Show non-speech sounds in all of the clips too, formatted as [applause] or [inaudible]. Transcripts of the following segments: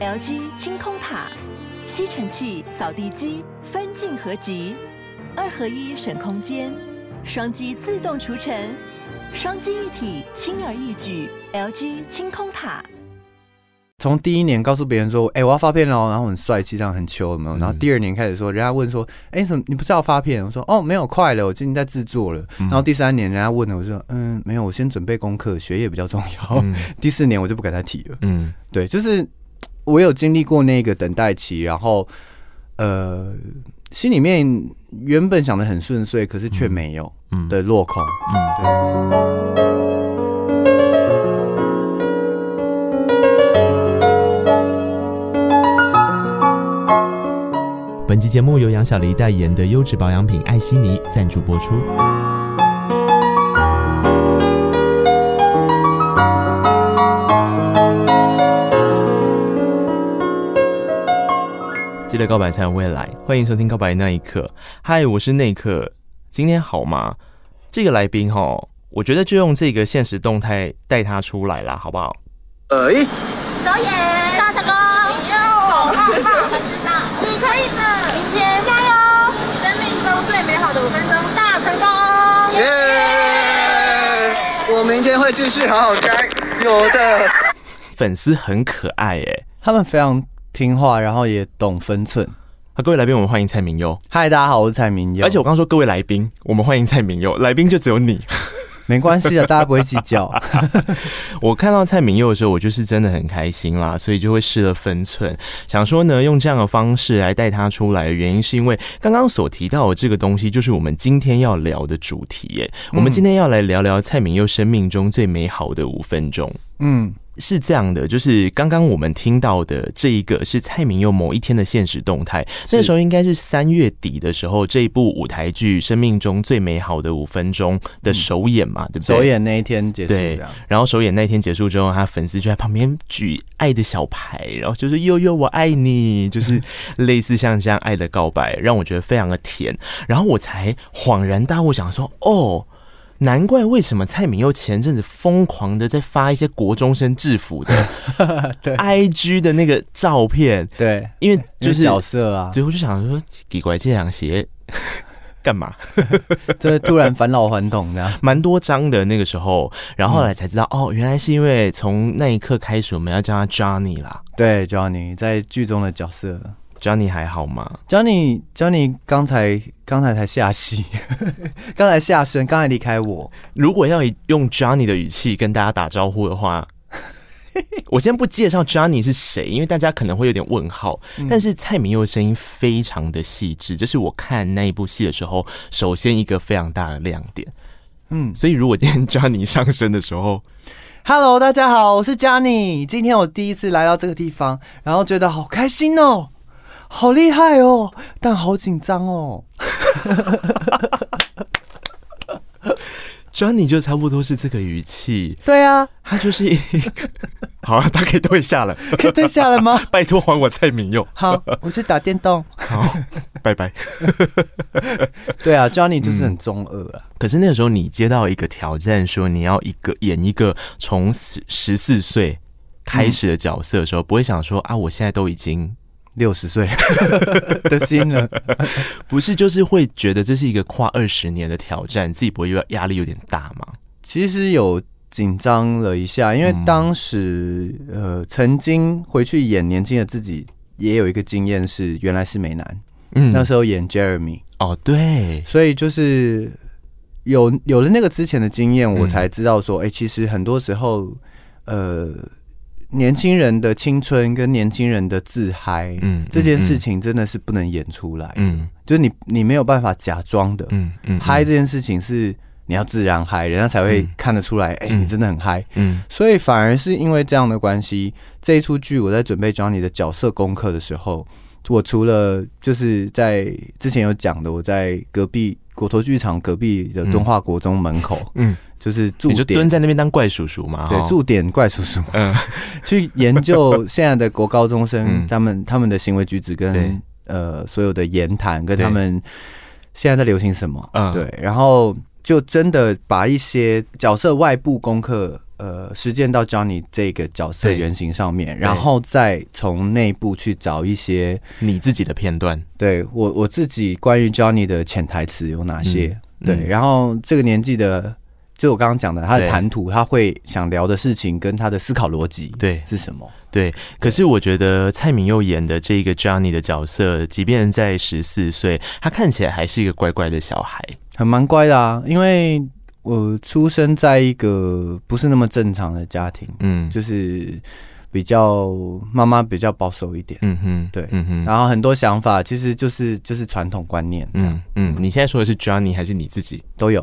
LG 清空塔，吸塵器、掃地機分鏡合集，二合一省空間，雙機自動除塵，雙機一體輕而易舉。LG 清空塔。從第一年告訴別人說：“哎、欸，我要發片了，然後很帥氣，這樣很 chill 有沒有、嗯？”然後第二年開始說：“人家問說，哎，怎麼你不知道發片？”我說：“哦、喔，沒有，快了，我今天在製作了。嗯”然後第三年人家問了，我就說：“嗯，沒有，我先準備功課，學業比較重要。嗯”第四年我就不跟他提了。嗯，對，就是。我有經歷過那個等待期，然後，呃，心裡面原本想得很順遂，可是卻沒有嗯的落空。嗯，對。嗯、對，本期節目由楊小黎代言的優質保養品艾希尼贊助播出。的告白才有未來，歡迎收聽告白那一刻。嗨，我是奈克，今天好嗎？這個來賓哈，我覺得就用這個限時動態帶他出來啦，好不好？哎、欸，首演大成功，你好棒棒，我 [laughs] 知道，你可以的，明天加油，生命中最美好的五分鐘大成功。耶、yeah! yeah!，我明天會繼續好好加油的。粉絲很可愛耶、欸，他們非常，聽話，然後也懂分寸、啊。各位來賓，我們歡迎蔡旻佑。嗨，大家好，我是蔡旻佑。而且我剛剛說，各位來賓，我們歡迎蔡旻佑。來賓就只有你， [laughs] 沒關係的、啊，大家不會計較。 [laughs] [laughs] 我看到蔡旻佑的時候，我就是真的很開心啦，所以就會失了分寸，想說呢，用這樣的方式來帶他出來的原因是因為剛剛所提到的這個東西，就是我們今天要聊的主題耶、嗯。我們今天要來聊聊蔡旻佑生命中最美好的五分鐘。嗯。是這樣的，就是剛剛我們聽到的這一個，是蔡旻佑某一天的限時動態。那時候應該是三月底的時候，這一部舞台劇《生命中最美好的五分鐘》的首演嘛、嗯，對不對？首演那一天結束，對，對。然後首演那一天結束之後，他粉絲就在旁邊舉愛的小牌，然後就是“佑佑我愛你”，就是類似像這樣愛的告白， [laughs] 讓我覺得非常的甜。然後我才恍然大悟，想說哦。難怪為什麼蔡旻佑前陣子瘋狂的在發一些國中生制服的 IG 的那個照片， [laughs] 對，因為就是為角色啊，最後就想說給拐這兩鞋幹嘛？ [laughs] [laughs] 就是突然返老還童的，蠻多張的那個時候，然後後來才知道、嗯、哦，原來是因為從那一刻開始我們要叫他 Johnny 啦，對，Johnny 在劇中的角色。Johnny 還好嗎？Johnny，Johnny，剛 Johnny, 才剛才才下戲，剛才下身，剛才離開我。如果要以用 Johnny 的語氣跟大家打招呼的話， [laughs] 我先不介紹 Johnny 是誰，因為大家可能會有點問號。嗯、但是蔡旻佑的聲音非常的細緻，這是我看那一部戲的時候，首先一個非常大的亮點。嗯，所以如果今天 Johnny 上身的時候，Hello，大家好，我是 Johnny。今天我第一次來到這個地方，然後覺得好開心哦。好厲害哦但好緊張哦 [laughs] Johnny 就差不多是這個語氣對啊他就是一個好啊他可以退下了可以退下了嗎 [laughs] 拜托還我蔡旻佑好我去打電動好 [laughs] 拜拜 [laughs] 對啊 Johnny 就是很中二啊、嗯、可是那個時候你接到一個挑戰說你要一個演一個從十十四歲開始的角色的時候不會想說啊我現在都已經六十歲的心了， [laughs] 不是就是會覺得這是一個跨二十年的挑戰，自己不會有壓力有點大嗎？其實有緊張了一下，因為當時呃曾經回去演年輕的自己，也有一個經驗是原來是美男，嗯，那時候演 Jeremy 哦，對，所以就是有有了那個之前的經驗，我才知道說，哎、嗯欸，其實很多時候呃。年輕人的青春跟年輕人的自嗨。嗯嗯，嗯，這件事情真的是不能演出來。嗯，就是你你沒有辦法假裝的，嗯嗯，嗨這件事情是你要自然嗨，人家才會看得出來，哎、嗯欸，你真的很嗨。嗯，嗯，所以反而是因為這樣的關係，這一出劇我在準備 Johnny 的角色功課的時候，我除了就是在之前有講的，我在隔壁果陀劇場隔壁的敦化國中門口，嗯。嗯就是駐點，你就蹲在那邊當怪叔叔嘛？對，駐點怪叔叔，嗯，去研究現在的國高中生，嗯、他們他們的行為舉止跟呃所有的言談，跟他們現在在流行什麼？嗯，對，對，然後就真的把一些角色外部功課，呃，實踐到 Johnny 這個角色原型上面，然後再從內部去找一些你自己的片段。對，我我自己關於 Johnny 的潛台詞有哪些？嗯、對，然後這個年紀的。就我剛剛講的，他的談吐，他會想聊的事情，跟他的思考邏輯，對，是什麼對？對。可是我覺得蔡旻佑演的這一個 Johnny 的角色，即便在十四歲，他看起來還是一個乖乖的小孩，很蠻乖的啊。因為我出生在一個不是那麼正常的家庭，嗯，就是比較媽媽比較保守一點，嗯哼，對，嗯哼。然後很多想法其實就是就是傳統觀念，嗯嗯。你現在說的是 Johnny 還是你自己都有？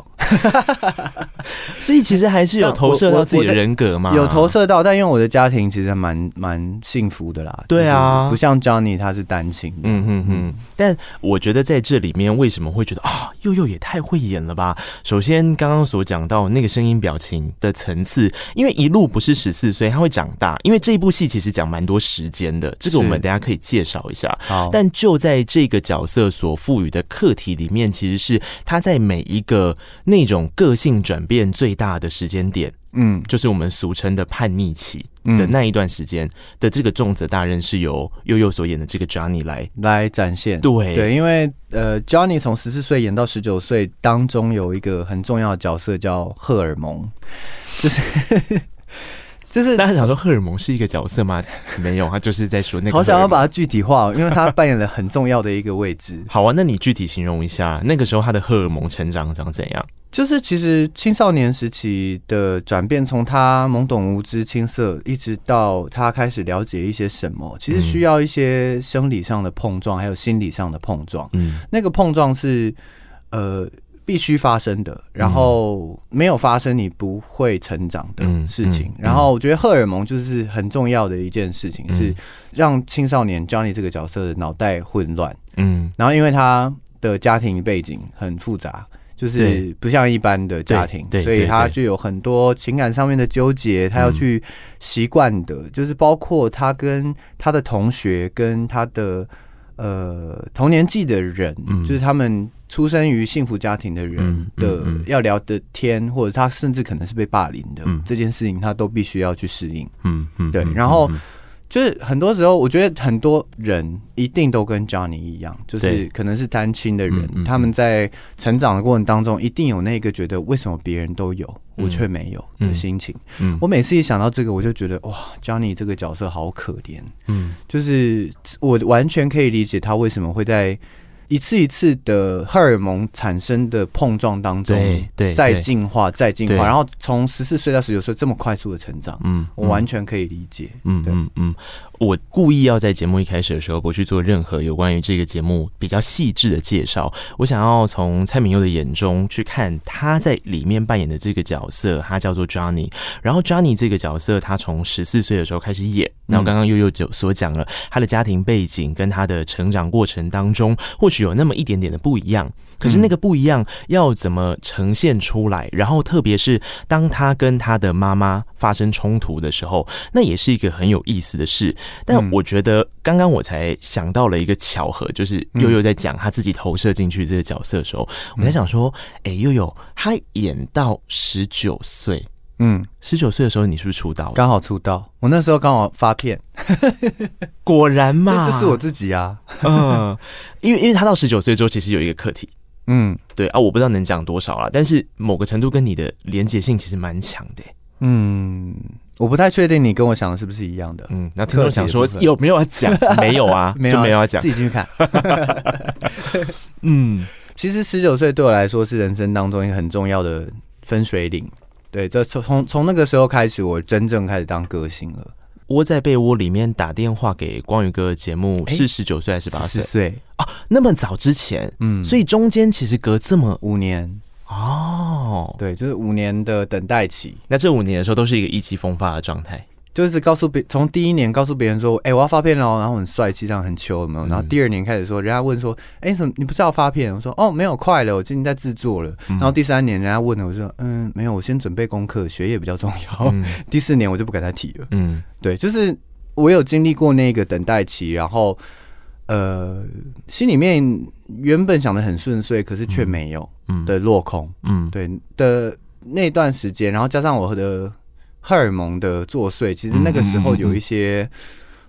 [laughs] 所以其實還是有投射到自己的人格嘛，有投射到，但因為我的家庭其實還蠻蠻幸福的啦，對啊，就是、不像 Johnny 他是單親，嗯嗯嗯。但我覺得在這裡面為什麼會覺得啊、哦，佑佑也太會演了吧？首先剛剛所講到那個聲音表情的層次，因為一路不是十四歲，他會長大，因為這一部戲其實講蠻多時間的，這個我們等下可以介紹一下好。但就在這個角色所賦予的課題裡面，其實是他在每一個那個。那種個性轉變最大的時間點，嗯，就是我們俗稱的叛逆期的那一段時間，嗯，的這個重子大任是由佑佑所演的這個 Johnny 來來展現，對對。因為呃，Johnny 從十四歲演到十九歲當中有一個很重要的角色叫荷爾蒙，就是。 [laughs] [laughs] 就是但是想說荷爾蒙是一個角色嗎？沒有，他就是在說那個。好想要把它具體化，因為它扮演了很重要的一個位置。 [laughs] 好啊，那你具體形容一下那個時候他的荷爾蒙成長長怎樣？就是其實青少年時期的轉變，從他懵懂無知、青澀，一直到他開始了解一些什麼，其實需要一些生理上的碰撞，還有心理上的碰撞。嗯，那個碰撞是呃。必須發生的，然後沒有發生你不會成長的事情。嗯嗯嗯、然後我覺得荷爾蒙就是很重要的一件事情，嗯、是讓青少年 Johnny 這個角色的腦袋混亂。嗯，然後因為他的家庭背景很複雜，就是不像一般的家庭，所以他就有很多情感上面的糾結，他要去習慣的、嗯，就是包括他跟他的同學跟他的。呃，同年紀的人、嗯，就是他們出生於幸福家庭的人的、嗯嗯嗯、要聊的天，或者他甚至可能是被霸凌的、嗯、這件事情，他都必須要去適應。嗯嗯，嗯，對，然後。嗯嗯嗯就是很多時候，我覺得很多人一定都跟 Johnny 一樣，就是可能是單親的人、嗯嗯，他們在成長的過程當中，一定有那個覺得為什麼別人都有，嗯、我卻沒有的心情、嗯嗯。我每次一想到這個，我就覺得哇，Johnny 這個角色好可憐。嗯，就是我完全可以理解他為什麼會在。一次一次的荷爾蒙產生的碰撞當中，對，再進化，再進化，然後從十四歲到十九歲這麼快速的成長，嗯，我完全可以理解，對對對對以理解嗯。嗯嗯嗯，嗯，我故意要在節目一開始的時候不去做任何有關於這個節目比較細緻的介紹，我想要從蔡旻佑的眼中去看他在裡面扮演的這個角色，他叫做 Johnny。然後 Johnny 這個角色，他從十四歲的時候開始演，那我剛剛悠悠就所講了他的家庭背景跟他的成長過程當中，或許。有那麼一點點的不一樣，可是那個不一樣要怎麼呈現出來？然後，特別是當他跟他的媽媽發生衝突的時候，那也是一個很有意思的事。但我覺得剛剛我才想到了一個巧合，就是佑佑在講他自己投射進去這個角色的時候，我在想說，哎、欸，佑佑他演到十九歲。嗯，十九歲的時候，你是不是出道？剛好出道，我那時候剛好發片， [laughs] 果然嘛，這是我自己啊。 [laughs] 嗯，因為因為他到十九歲之後，其實有一個課題。嗯，對啊，我不知道能講多少啦，但是某個程度跟你的連結性其實蠻強的欸。嗯，我不太確定你跟我想的是不是一樣的。嗯，那聽眾想說有沒有要講？沒有啊， [laughs] 就沒有要講，自己進去看。 [laughs] [laughs] 嗯，其實十九歲對我來說是人生當中一個很重要的分水嶺。對，這從從從那個時候開始，我真正開始當歌星了。窩在被窩裡面打電話給光禹哥的節目是十九歲還是十八歲？歲啊，那麼早之前，嗯，所以中間其實隔這麼五年哦，對，就是五年的等待期。那這五年的時候都是一個意氣風發的狀態。就是告訴別從第一年告訴別人說，哎、欸，我要發片了。」然後很帥氣，這樣很 chill 有沒有？然後第二年開始說，人家問說，哎、欸，怎麼你不是要發片？我說，哦，沒有，快了，我今天在製作了、嗯。然後第三年人家問了，我說，嗯，沒有，我先準備功課，學業比較重要、嗯。第四年我就不敢再提了。嗯，對，就是我有經歷過那個等待期，然後呃，心裡面原本想得很順遂，可是卻沒有的落空。嗯，嗯對的那段時間，然後加上我的。荷爾蒙的作祟，其實那個時候有一些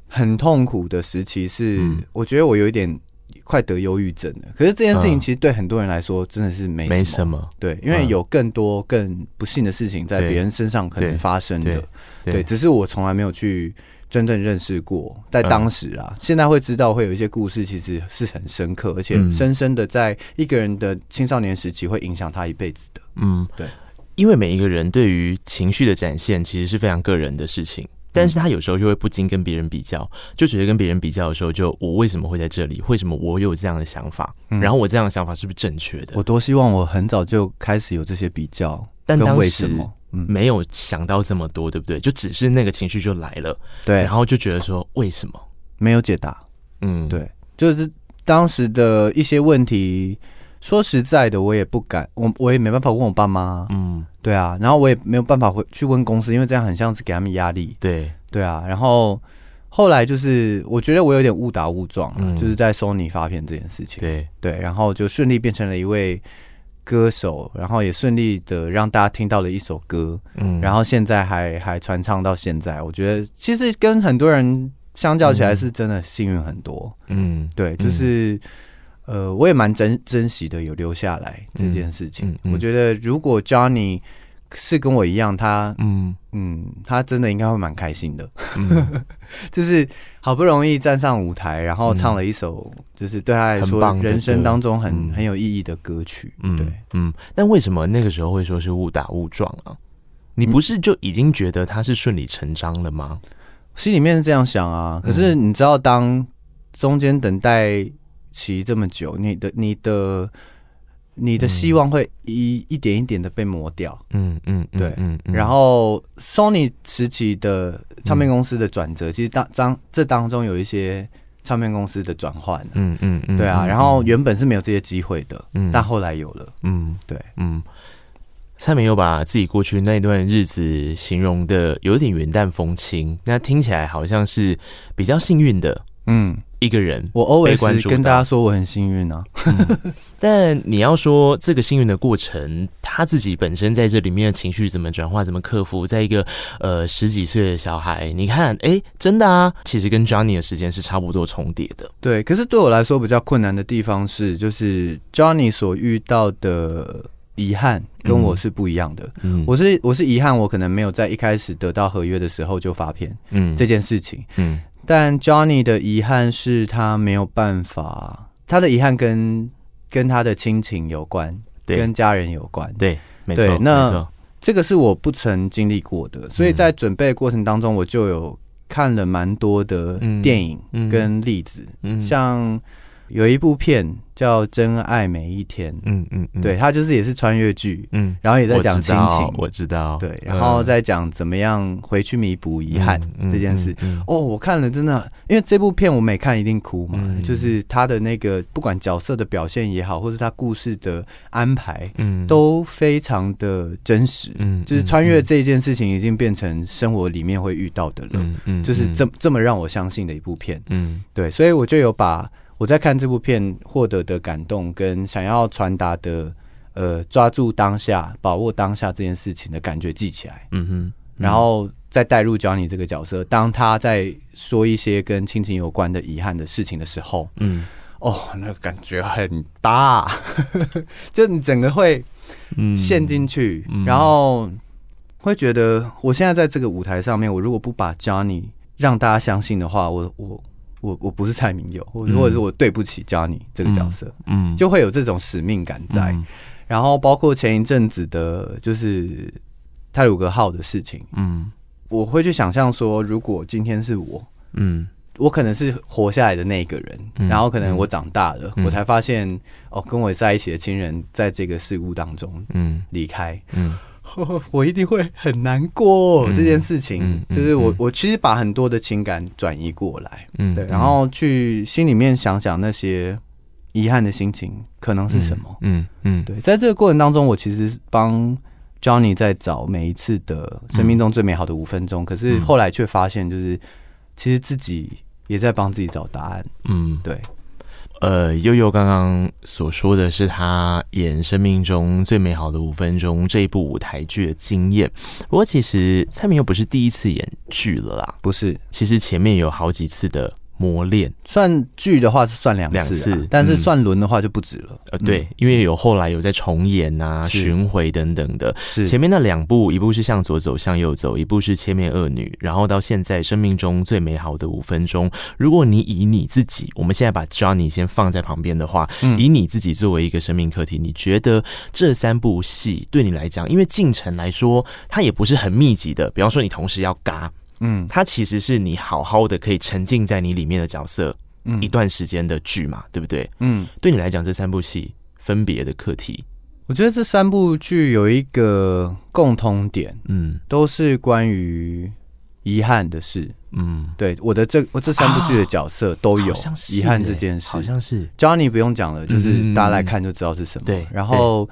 很痛苦的時期，是我覺得我有一點快得憂鬱症了。可是這件事情其實對很多人來說真的是沒沒什麼，對，因為有更多更不幸的事情在別人身上可能發生的，對，只是我從來沒有去真正認識過。在當時啊，現在會知道會有一些故事，其實是很深刻，而且深深的在一個人的青少年時期會影響他一輩子的。嗯，對。因為每一個人對於情緒的展現，其實是非常個人的事情，但是他有時候就會不禁跟別人比較，就只是跟別人比較的時候就，就我為什麼會在這裡？為什麼我有這樣的想法？嗯，然後我這樣的想法是不是正確的？我多希望我很早就開始有這些比較，但當時沒有想到這麼多，對不對？就只是那個情緒就來了，對，嗯，然後就覺得說，為什麼？沒有解答，嗯，對，就是當時的一些問題。說實在的，我也不敢，我我也沒辦法問我爸媽，嗯，對啊，然後我也沒有辦法回去問公司，因為這樣很像是給他們壓力，對對啊。然後後來就是，我覺得我有點誤打誤撞了，嗯，就是在 Sony 發片這件事情，對對，然後就順利變成了一位歌手，然後也順利的讓大家聽到了一首歌，嗯，然後現在還還傳唱到現在。我覺得其實跟很多人相較起來，是真的幸運很多，嗯，對，就是。嗯呃，我也蠻珍珍惜的，有留下來這件事情、嗯嗯嗯。我覺得如果 Johnny 是跟我一樣，他嗯嗯，他真的應該會蠻開心的。嗯、 [laughs] 就是好不容易站上舞台，然後唱了一首，嗯、就是對他來說人生當中很、嗯、很有意義的歌曲。對嗯嗯。但為什麼那個時候會說是誤打誤撞啊？你不是就已經覺得他是順理成章的嗎？嗯、心裡面是這樣想啊。可是你知道當中間等待。期這麼久，你的你的你的希望會一一點一點的被磨掉。嗯嗯，對、嗯嗯，嗯。然後 Sony 時期的唱片公司的轉折、嗯，其實當當這當中有一些唱片公司的轉換。嗯嗯，嗯，對啊。然後原本是沒有這些機會的、嗯，但後來有了。嗯，對，嗯。蔡旻佑又把自己過去那段日子形容的有點雲淡風輕，那聽起來好像是比較幸運的。嗯，一個人，我 always 跟大家說我很幸運啊、嗯， [laughs] 但你要說這個幸運的過程，他自己本身在這裡面的情緒怎麼轉化，怎麼克服，在一個呃十幾歲的小孩，你看，哎、欸，真的啊，其實跟 Johnny 的時間是差不多重疊的，對。可是對我來說比較困難的地方是，就是 Johnny 所遇到的遺憾跟我是不一樣的。嗯嗯、我是我是遺憾，我可能沒有在一開始得到合約的時候就發片，嗯，這件事情，嗯。但 Johnny 的遺憾是他沒有辦法，他的遺憾跟跟他的親情有關，對，跟家人有關，對，對，沒錯，那，沒錯，這個是我不曾經歷過的，所以在準備的過程當中，我就有看了蠻多的電影跟例子，嗯，像。有一部片叫《真愛每一天》，嗯，嗯嗯，對，它就是也是穿越劇，嗯，然後也在講親情我，我知道，對，然後在講怎麼樣回去彌補遺憾、嗯、這件事、嗯嗯嗯嗯。哦，我看了，真的，因為這部片我每看一定哭嘛，嗯、就是他的那個不管角色的表現也好，或是他故事的安排，嗯，都非常的真實，嗯，就是穿越這件事情已經變成生活裡面會遇到的了，嗯嗯，嗯，就是這這麼讓我相信的一部片，嗯，對，所以我就有把。我在看這部片獲得的感動，跟想要傳達的，呃，抓住當下、把握當下這件事情的感覺記起來，嗯哼，嗯然後再帶入 Johnny 這個角色，當他在說一些跟親情有關的遺憾的事情的時候，嗯，哦，那個感覺很大， [laughs] 就你整個會陷進去、嗯嗯，然後會覺得我現在在這個舞台上面，我如果不把 Johnny 讓大家相信的話，我我。我我不是蔡旻佑，我如果是我對不起 Johnny 這個角色，嗯，就會有這種使命感在。嗯、然後包括前一陣子的，就是太魯閣號的事情，嗯，我會去想象說，如果今天是我，嗯，我可能是活下來的那個人，嗯、然後可能我長大了，嗯、我才發現哦，跟我在一起的親人在這個事故當中，嗯，離開，嗯。嗯我一定會很難過、嗯、這件事情，就是我、嗯嗯、我其實把很多的情感轉移過來，嗯，對嗯，然後去心裡面想想那些遺憾的心情可能是什麼，嗯嗯，嗯，對，在這個過程當中，我其實幫 Johnny 在找每一次的生命中最美好的五分鐘，嗯、可是後來卻發現，就是其實自己也在幫自己找答案，嗯，對。呃，佑佑剛剛所說的是他演《生命中最美好的五分鐘》這一部舞台劇的經驗。不過，其實蔡旻佑不是第一次演劇了啦，不是？其實前面有好幾次的。磨練算劇的話是算兩次，啊兩次，嗯，但是算輪的話就不止了。呃對，對、嗯，因為有後來有在重演啊、巡回等等的。前面那兩部，一部是向左走，向右走，一部是切面惡女。然後到現在，生命中最美好的五分鐘。如果你以你自己，我們現在把 Johnny 先放在旁邊的話，嗯，以你自己作為一個生命課題，你覺得這三部戲對你來講，因為進程來說，它也不是很密集的。比方說，你同時要嘎。嗯，它其實是你好好的可以沉浸在你裡面的角色，嗯，一段時間的劇嘛，對不對？嗯，對你來講，這三部戲分別的課題，我覺得這三部劇有一個共通點，嗯，都是關於遺憾的事。嗯，對，我的這我這三部劇的角色都有遺憾這件事，好像是欸，好像是。Johnny 不用講了，就是大家來看就知道是什麼。對，嗯，然後《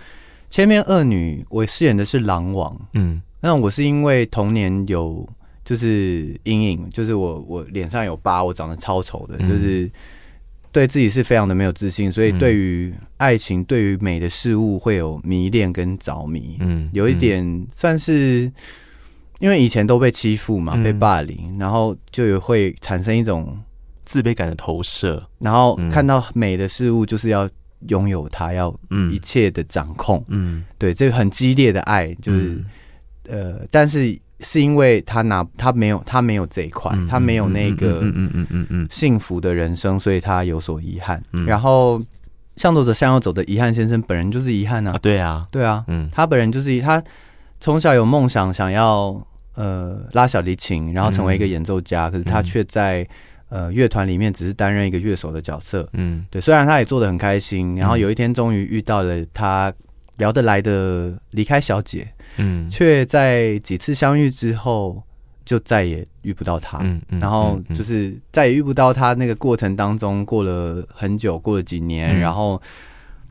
千面惡女》，我飾演的是狼王。嗯，那我是因為童年有。就是陰影，就是我我臉上有疤，我長得超醜的，就是對自己是非常的沒有自信，所以對於愛情、對於美的事物會有迷戀跟着迷，嗯，有一點算是因為以前都被欺負嘛，被霸凌，嗯、然後就會產生一種自卑感的投射，然後看到美的事物就是要擁有它，要一切的掌控，嗯，嗯，對，這個很激烈的愛，就是、嗯、呃，但是。是因為他拿他沒有他沒有這一塊、嗯，他沒有那個幸福的人生，嗯嗯嗯嗯嗯嗯嗯、所以他有所遺憾。嗯、然後向左走向右走的遺憾先生本人就是遺憾啊，啊！對啊，對啊，嗯，他本人就是他從小有夢想，想要呃拉小提琴，然後成為一個演奏家。嗯、可是他卻在、嗯、呃樂團裡面只是擔任一個樂手的角色。嗯，對，雖然他也做得很開心，然後有一天終於遇到了他聊得來的離開小姐。嗯，卻在幾次相遇之後，就再也遇不到他、嗯嗯。然後就是再也遇不到他那個過程當中，過了很久，過了幾年，嗯、然後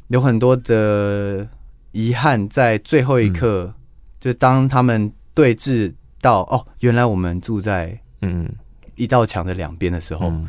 有很多的遺憾。在最後一刻、嗯，就當他們對峙到哦，原來我們住在嗯一道牆的兩邊的時候，那、嗯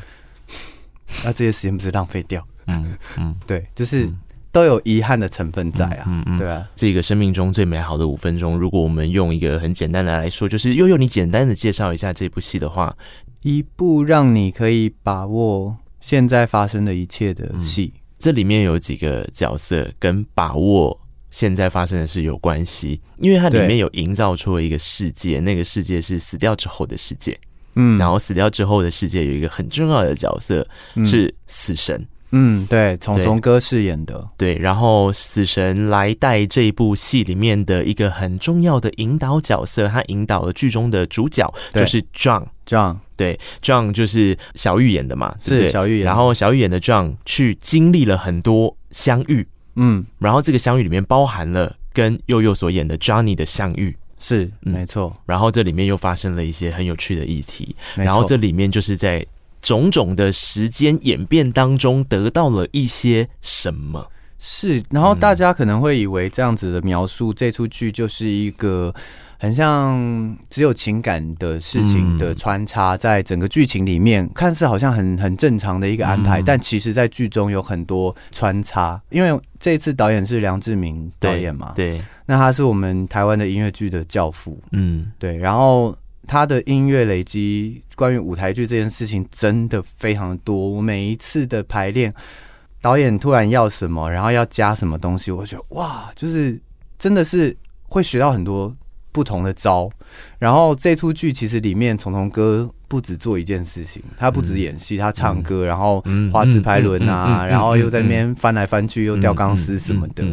啊、這些時間不是浪費掉？嗯嗯， [laughs] 對，就是。嗯都有遺憾的成分在啊，嗯嗯，嗯，對啊，這個生命中最美好的五分鐘，如果我們用一個很簡單的來說，就是佑佑，你簡單的介紹一下這部戲的話，一部讓你可以把握現在發生的一切的戲。嗯、這裡面有幾個角色跟把握現在發生的事有關係，因為它裡面有營造出了一個世界，那個世界是死掉之後的世界，嗯，然後死掉之後的世界有一個很重要的角色、嗯、是死神。嗯，對，從從哥飾演的對，對，然後死神來帶這部戲裡面的一個很重要的引導角色，他引導了劇中的主角，就是 John John，對，John 就是小玉演的嘛，是,對是小玉演，然後小玉演的 John 去經歷了很多相遇，嗯，然後這個相遇裡面包含了跟佑佑所演的 Johnny 的相遇，是沒錯、嗯，然後這裡面又發生了一些很有趣的議題，然後這裡面就是在。種種的時間演變當中，得到了一些什麼？是，然後大家可能會以為這樣子的描述，這出劇就是一個很像只有情感的事情的穿插，在整個劇情裡面、嗯，看似好像很很正常的一個安排，嗯、但其實，在劇中有很多穿插，因為這次導演是梁志民導演嘛？對，對那他是我們台灣的音樂劇的教父，嗯，對，然後。他的音樂累積，關於舞台劇這件事情真的非常多。我每一次的排練，導演突然要什麼，然後要加什麼東西，我覺得哇，就是真的是會學到很多不同的招。然後這出劇其實裡面，蟲蟲哥不止做一件事情，他不止演戲，他唱歌，然後滑直排輪啊，然後又在那邊翻來翻去，又吊鋼絲什麼的。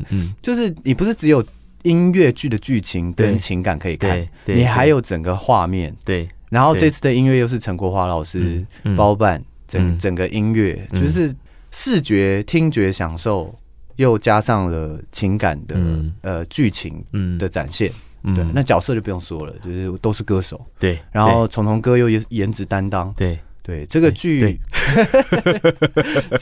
就是你不是只有。音樂劇的劇情跟情感可以看，你還有整個畫面，對，對。然後這次的音樂又是陳國華老師、嗯嗯、包辦，整、嗯、整個音樂、嗯、就是視覺、聽覺享受，又加上了情感的、嗯、呃劇情的展現。嗯嗯、對、嗯，那角色就不用說了，就是都是歌手。對，對，然後從從哥又顏顏值擔當。對。對對這個劇，這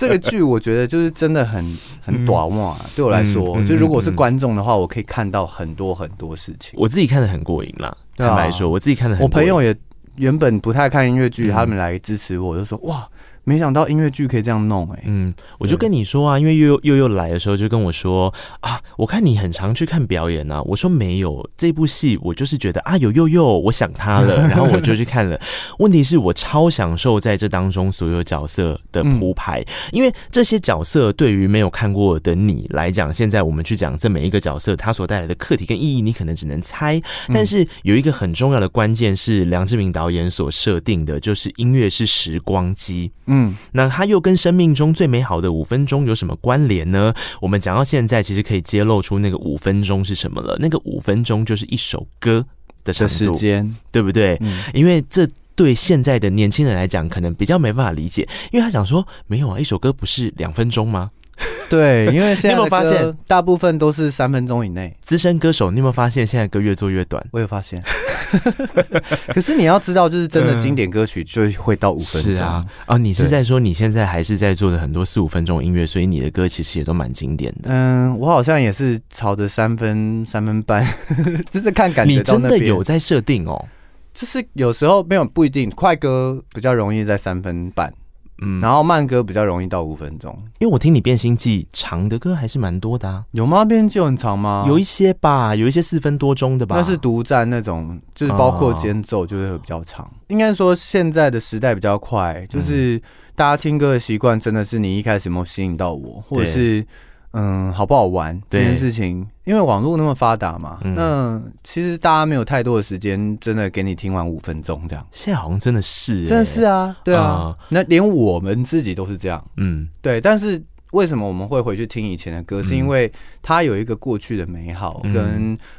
個劇、欸、 [laughs] 我覺得就是真的很很短嘛、嗯。對我來說，嗯、就如果是觀眾的話、嗯嗯，我可以看到很多很多事情。我自己看得很過癮啦，坦白、啊、說，我自己看的。我朋友也原本不太看音樂劇、嗯，他們來支持我，我就說哇。沒想到音樂劇可以這樣弄哎、欸！嗯，我就跟你說啊，因為佑佑，佑佑來的時候就跟我說啊，我看你很常去看表演呢、啊。我說沒有，這部戲我就是覺得啊，有佑佑，我想他了，然後我就去看了。 [laughs] 問題是我超享受在這當中所有角色的鋪排、嗯，因為這些角色對於沒有看過的你來講，現在我們去講這每一個角色它所帶來的課題跟意義，你可能只能猜、嗯。但是有一個很重要的關鍵是梁志民導演所設定的，就是音樂是時光機。嗯，那他又跟生命中最美好的五分鐘有什麼關聯呢？我們講到現在，其實可以揭露出那個五分鐘是什麼了。那個五分鐘就是一首歌的時間，對不對？嗯？因為這對現在的年輕人來講，可能比較沒辦法理解，因為他想說，沒有啊，一首歌不是兩分鐘嗎？ [laughs] 對，因為現在歌大部分都是三分鐘以內。資深歌手，你有沒有發現現在歌越做越短？我有發現。可是你要知道，就是真的經典歌曲就會到五分鐘。是啊，啊、哦，你是在說你現在還是在做的很多四五分鐘音樂，所以你的歌其實也都蠻經典的。嗯，我好像也是朝着三分三分半， [laughs] 就是看感覺。你真的有在設定哦？就是有時候沒有，不一定。快歌比較容易在三分半。嗯、然後慢歌比較容易到五分鐘，因為我聽你變心記長的歌還是蠻多的啊。有嗎？變心記很長嗎？有一些吧，有一些四分多鐘的吧。那是獨佔那種，就是包括間奏就會比較長。哦，應該說現在的時代比較快，就是大家聽歌的習慣真的是你一開始有沒有吸引到我，嗯、或者是。嗯，好不好玩這件事情，因為網絡那麼發達嘛，嗯、那其實大家沒有太多的時間，真的給你聽完五分鐘這樣。現在好像真的是、欸，真的是啊，對啊，啊。那連我們自己都是這樣，嗯，對。但是為什麼我們會回去聽以前的歌？嗯、是因為它有一個過去的美好，嗯、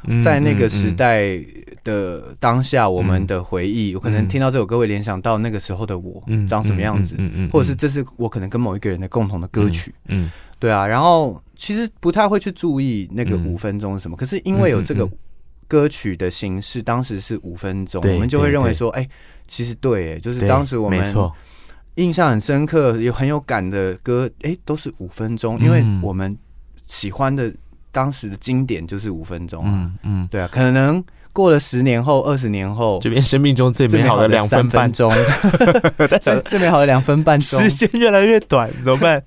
跟在那個時代的當下，我們的回憶、嗯嗯。我可能聽到這首歌，會聯想到那個時候的我，嗯、長什麼樣子，嗯嗯，嗯，嗯，或者是這是我可能跟某一個人的共同的歌曲，嗯，嗯對啊，然後。其實不太會去注意那個五分鐘是什麼、嗯，可是因為有這個歌曲的形式，當時是五分鐘、嗯嗯，我們就會認為說，哎、欸，其實對、欸，就是當時我們印象很深刻，有很有感的歌，哎、欸，都是五分鐘，因為我們喜歡的當時的經典就是五分鐘、啊，嗯嗯，對啊，可能。過了十年後，二十年後，這邊生命中最美好的兩分半鐘，最美好的兩分， [laughs] 分半鐘，時間越來越短，怎麼辦？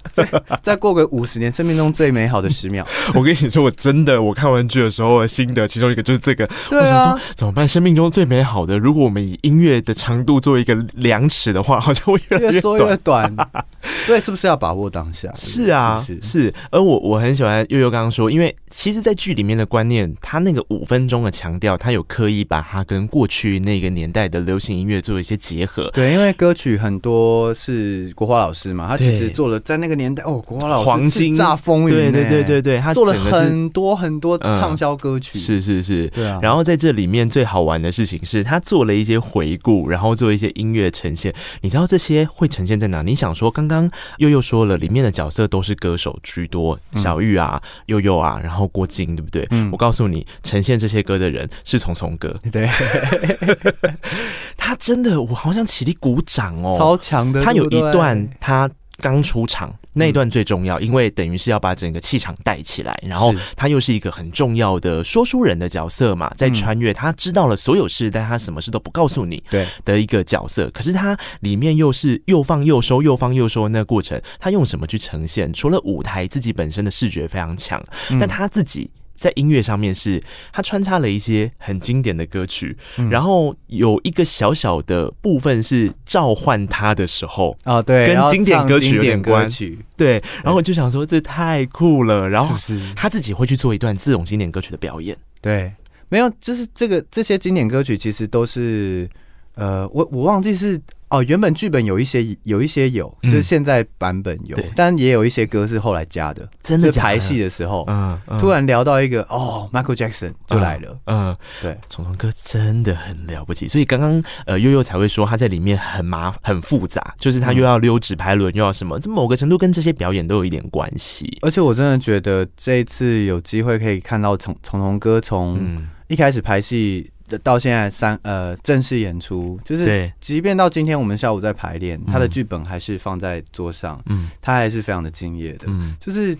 [laughs] 再過個五十年，生命中最美好的十秒。 [laughs] 我跟你說，我真的我看完劇的時候，心得其中一個就是這個對啊。我想說，怎麼辦？生命中最美好的，如果我們以音樂的長度做一個量尺的話，好像會越來越短。對， [laughs] 所以是不是要把握當下？是啊，是、是、是。而我我很喜歡悠悠剛剛說，因為其實，在劇裡面的觀念，他那個五分鐘的強調，他有刻意把它跟過去那個年代的流行音樂做一些結合，對，因為歌曲很多是國華老師嘛，他其實做了在那個年代哦，國華老師黃金炸風雲、欸，對對對對對，他做了很多很多暢銷歌曲，是是是，對啊。然後在這裡面最好玩的事情是他做了一些回顧，然後做一些音樂呈現，你知道這些會呈現在哪？你想說剛剛佑佑說了，裡面的角色都是歌手居多，小煜啊，佑、嗯、佑啊，然後郭靜，對不對？嗯、我告訴你，呈現這些歌的人是從。從從哥，對， [laughs] 他真的，我好想起立鼓掌哦，超強的。他有一段，他剛出場、嗯、那一段最重要，因為等於是要把整個氣場帶起來。然後他又是一個很重要的說書人的角色嘛，在穿越，他知道了所有事，嗯、但他什麼事都不告訴你，對的一個角色。可是他裡面又是又放又收，又放又收的那個過程，他用什麼去呈現？除了舞台自己本身的視覺非常強，但他自己。在音樂上面是，他穿插了一些很經典的歌曲，嗯，然後有一個小小的部分是召喚他的時候啊，哦，對，跟經典歌曲有點關係對，對。然後我就想說，這太酷了。然後他自己會去做一段這種經典歌曲的表演，是是對，沒有，就是這個這些經典歌曲其實都是，呃，我我忘記是。哦，原本劇本有一些有一些有，嗯、就是現在版本有，但也有一些歌是後來加的。真的，的、就是、排戲的時候嗯，嗯，突然聊到一個哦，Michael Jackson 就來了。嗯，嗯，對，從從哥真的很了不起。所以剛剛呃佑佑才會說他在裡面很麻很複雜，就是他又要溜直排輪，又要什麼，這某個程度跟這些表演都有一點關係。而且我真的覺得這一次有機會可以看到從從從哥從一開始排戲。到現在三呃正式演出，就是即便到今天我們下午在排練，他的劇本還是放在桌上，嗯，他還是非常的敬業的，嗯，就是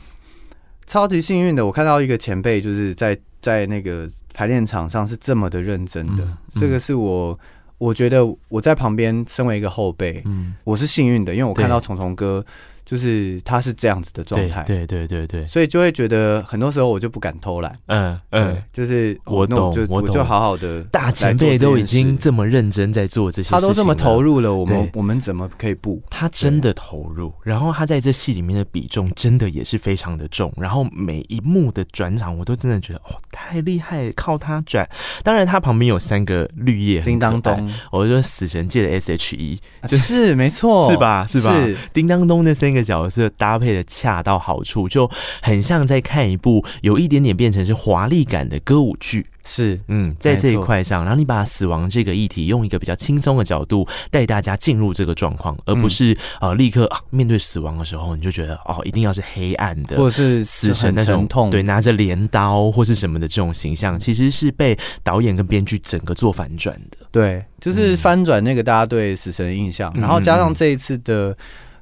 超級幸運的，我看到一個前輩就是在在那個排練場上是這麼的認真的，嗯嗯、這個是我我覺得我在旁邊身為一個後輩，嗯，我是幸運的，因為我看到從從哥。就是他是這樣子的狀態，對，對對對對，所以就會覺得很多時候我就不敢偷懶，嗯嗯，嗯，就是我懂，哦、我就我，懂我就好好的。大前輩都已經這麼認真在做這些事情，他都這麼投入了，我們我們怎麼可以不？他真的投入，然後他在這戲裡面的比重真的也是非常的重，然後每一幕的轉場我都真的覺得哦，太厲害，靠他轉。當然他旁邊有三個綠葉，叮噹咚，我就說死神界的 S H E，就是就沒錯，是吧？是，是吧？叮噹咚的聲音。那個角色搭配的恰到好處，就很像在看一部有一點點變成是華麗感的歌舞劇。是，嗯，在這一塊上，然後你把死亡這個議題用一個比較輕鬆的角度帶大家進入這個狀況，而不是、嗯、呃立刻、啊、面對死亡的時候你就覺得哦，一定要是黑暗的，或是死神那種痛，對，拿着鐮刀或是什麼的這種形象，其實是被導演跟編劇整個做反轉的。對，就是翻轉那個大家對死神的印象，嗯、然後加上這一次的。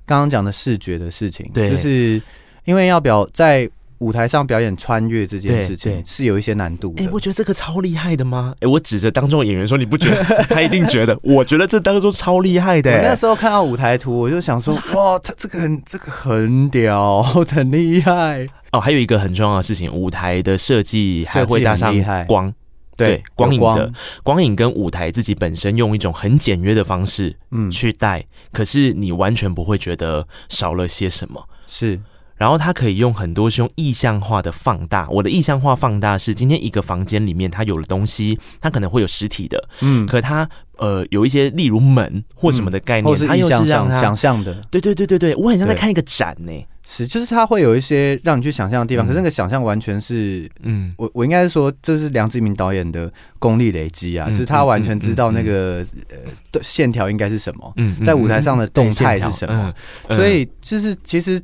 剛剛講的視覺的事情，對，就是因為要表在舞台上表演穿越這件事情對對，是有一些難度。哎、欸，不覺得這個超厲害的嗎？哎、欸，我指着當中的演員說，你不覺得？ [laughs] 他一定覺得。我覺得這當中超厲害的。那時候看到舞台圖，我就想說，說哇，他這個人這個很屌，很厲害哦。還有一個很重要的事情，舞台的設計還會搭上光。對，光影的光，光影跟舞台，自己本身用一種很簡約的方式，嗯，去帶，可是你完全不會覺得少了些什麼，是。然後他可以用很多是用意象化的放大，我的意象化放大是今天一個房間裡面它有了東西，它可能會有實體的，嗯，可它呃有一些例如門或什麼的概念，嗯、或是它又是它想象的，對對對對對，我很像在看一個展呢、欸。是，就是他會有一些讓你去想象的地方、嗯，可是那個想象完全是，嗯，我我應該是說，這是梁志民導演的功力累積啊、嗯，就是他完全知道那個、嗯嗯嗯、呃線條應該是什麼嗯，嗯，在舞台上的動態是什麼、哎，所以就是其實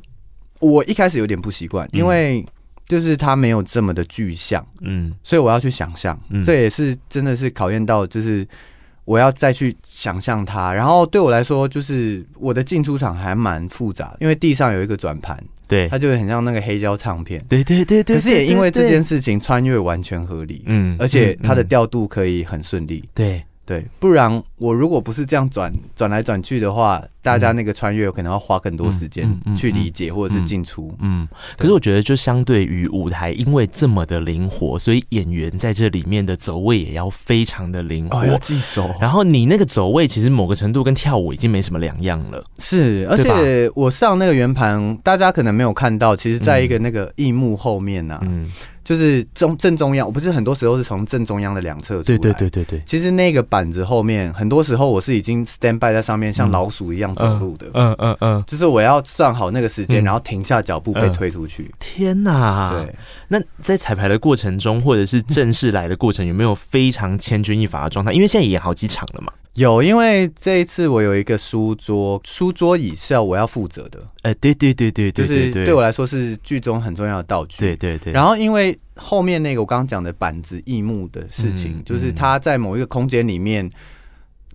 我一開始有點不習慣、嗯，因為就是他沒有這麼的具象，嗯，所以我要去想象、嗯，這也是真的是考驗到就是。我要再去想象它，然後對我來說，就是我的進出場還蠻複雜的，因為地上有一個轉盤，對，它就很像那個黑膠唱片，對對對對。可是也因為這件事情穿越完全合理，嗯，而且它的調度可以很順利，嗯嗯嗯、對。對，不然我如果不是這樣轉轉來轉去的話，大家那個穿越可能要花更多時間去理解或者是進出嗯嗯嗯嗯嗯。嗯，可是我覺得就相對於舞台，因為這麼的靈活，所以演員在這裡面的走位也要非常的靈活。哦、然後你那個走位其實某個程度跟跳舞已經沒什麼兩樣了。是，而且我上那個圓盤，嗯、大家可能沒有看到，其實在一個那個藝幕後面呢、啊。嗯。就是中正中央，我不是很多時候是從正中央的兩側出來。對對對對對。其實那個板子後面，很多時候我是已經 stand by 在上面，像老鼠一樣走路的。嗯嗯嗯、呃呃呃。就是我要算好那個時間，嗯、然後停下腳步被推出去，嗯呃。天哪！對。那在彩排的過程中，或者是正式來的過程，有沒有非常千鈞一發的狀態？因為現在演好幾場了嘛。有，因為這一次我有一個書桌，書桌椅是要我要負責的。哎、欸，對對對對對，就是對我來說是劇中很重要的道具。對對對。然後因為後面那個我剛剛講的板子、翼幕的事情、嗯，就是它在某一個空間裡面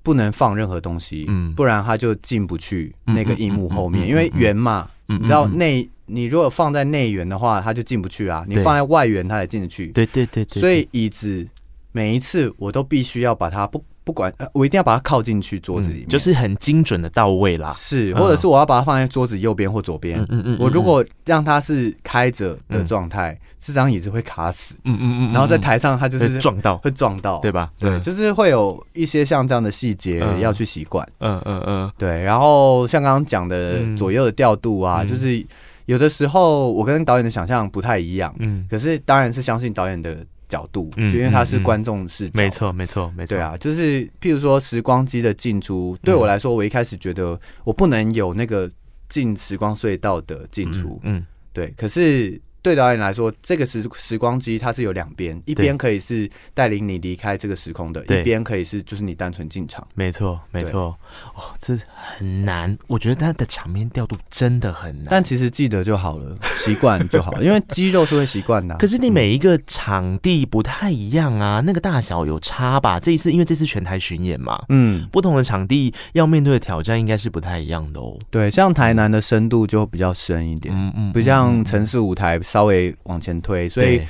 不能放任何東西，嗯、不然它就進不去那個翼幕後面、嗯。因為圓嘛，嗯、你知道內、嗯、你如果放在內圓的話，它就進不去啊。你放在外圓，它才進得去。對對對，對。所以椅子每一次我都必須要把它不。不管，呃，我一定要把它靠進去桌子裡面、嗯，就是很精準的到位啦。是，或者是我要把它放在桌子右邊或左邊。嗯嗯，嗯，嗯。我如果讓它是開着的狀態，這、嗯、張椅子會卡死。嗯嗯嗯。然後在台上，它就是撞到，會撞到，對吧？對，對，就是會有一些像這樣的細節要去習慣。嗯嗯嗯。對，然後像剛剛講的左右的調度啊、嗯，就是有的時候我跟導演的想象不太一樣。嗯。可是當然是相信導演的。角度，嗯、就因為它是觀眾視角，沒錯、嗯，沒錯，沒錯，對啊，就是，譬如說時光機的進出、嗯，對我來說，我一開始覺得我不能有那個進時光隧道的進出嗯，嗯，對，可是。對導演來說，這個時時光機它是有兩邊，一邊可以是帶領你離開這個時空的，一邊可以是就是你單純進場。沒錯，沒錯，哇、哦，這很難。我覺得他的場面調度真的很難。但其實記得就好了，習慣就好了， [laughs] 因為肌肉是會習慣的、啊。可是你每一個場地不太一樣啊，嗯、那個大小有差吧？這一次因為這次全台巡演嘛，嗯，不同的場地要面對的挑戰應該是不太一樣的哦。對，像台南的深度就比較深一點，嗯嗯，不像城市舞台。嗯嗯稍微往前推，所以，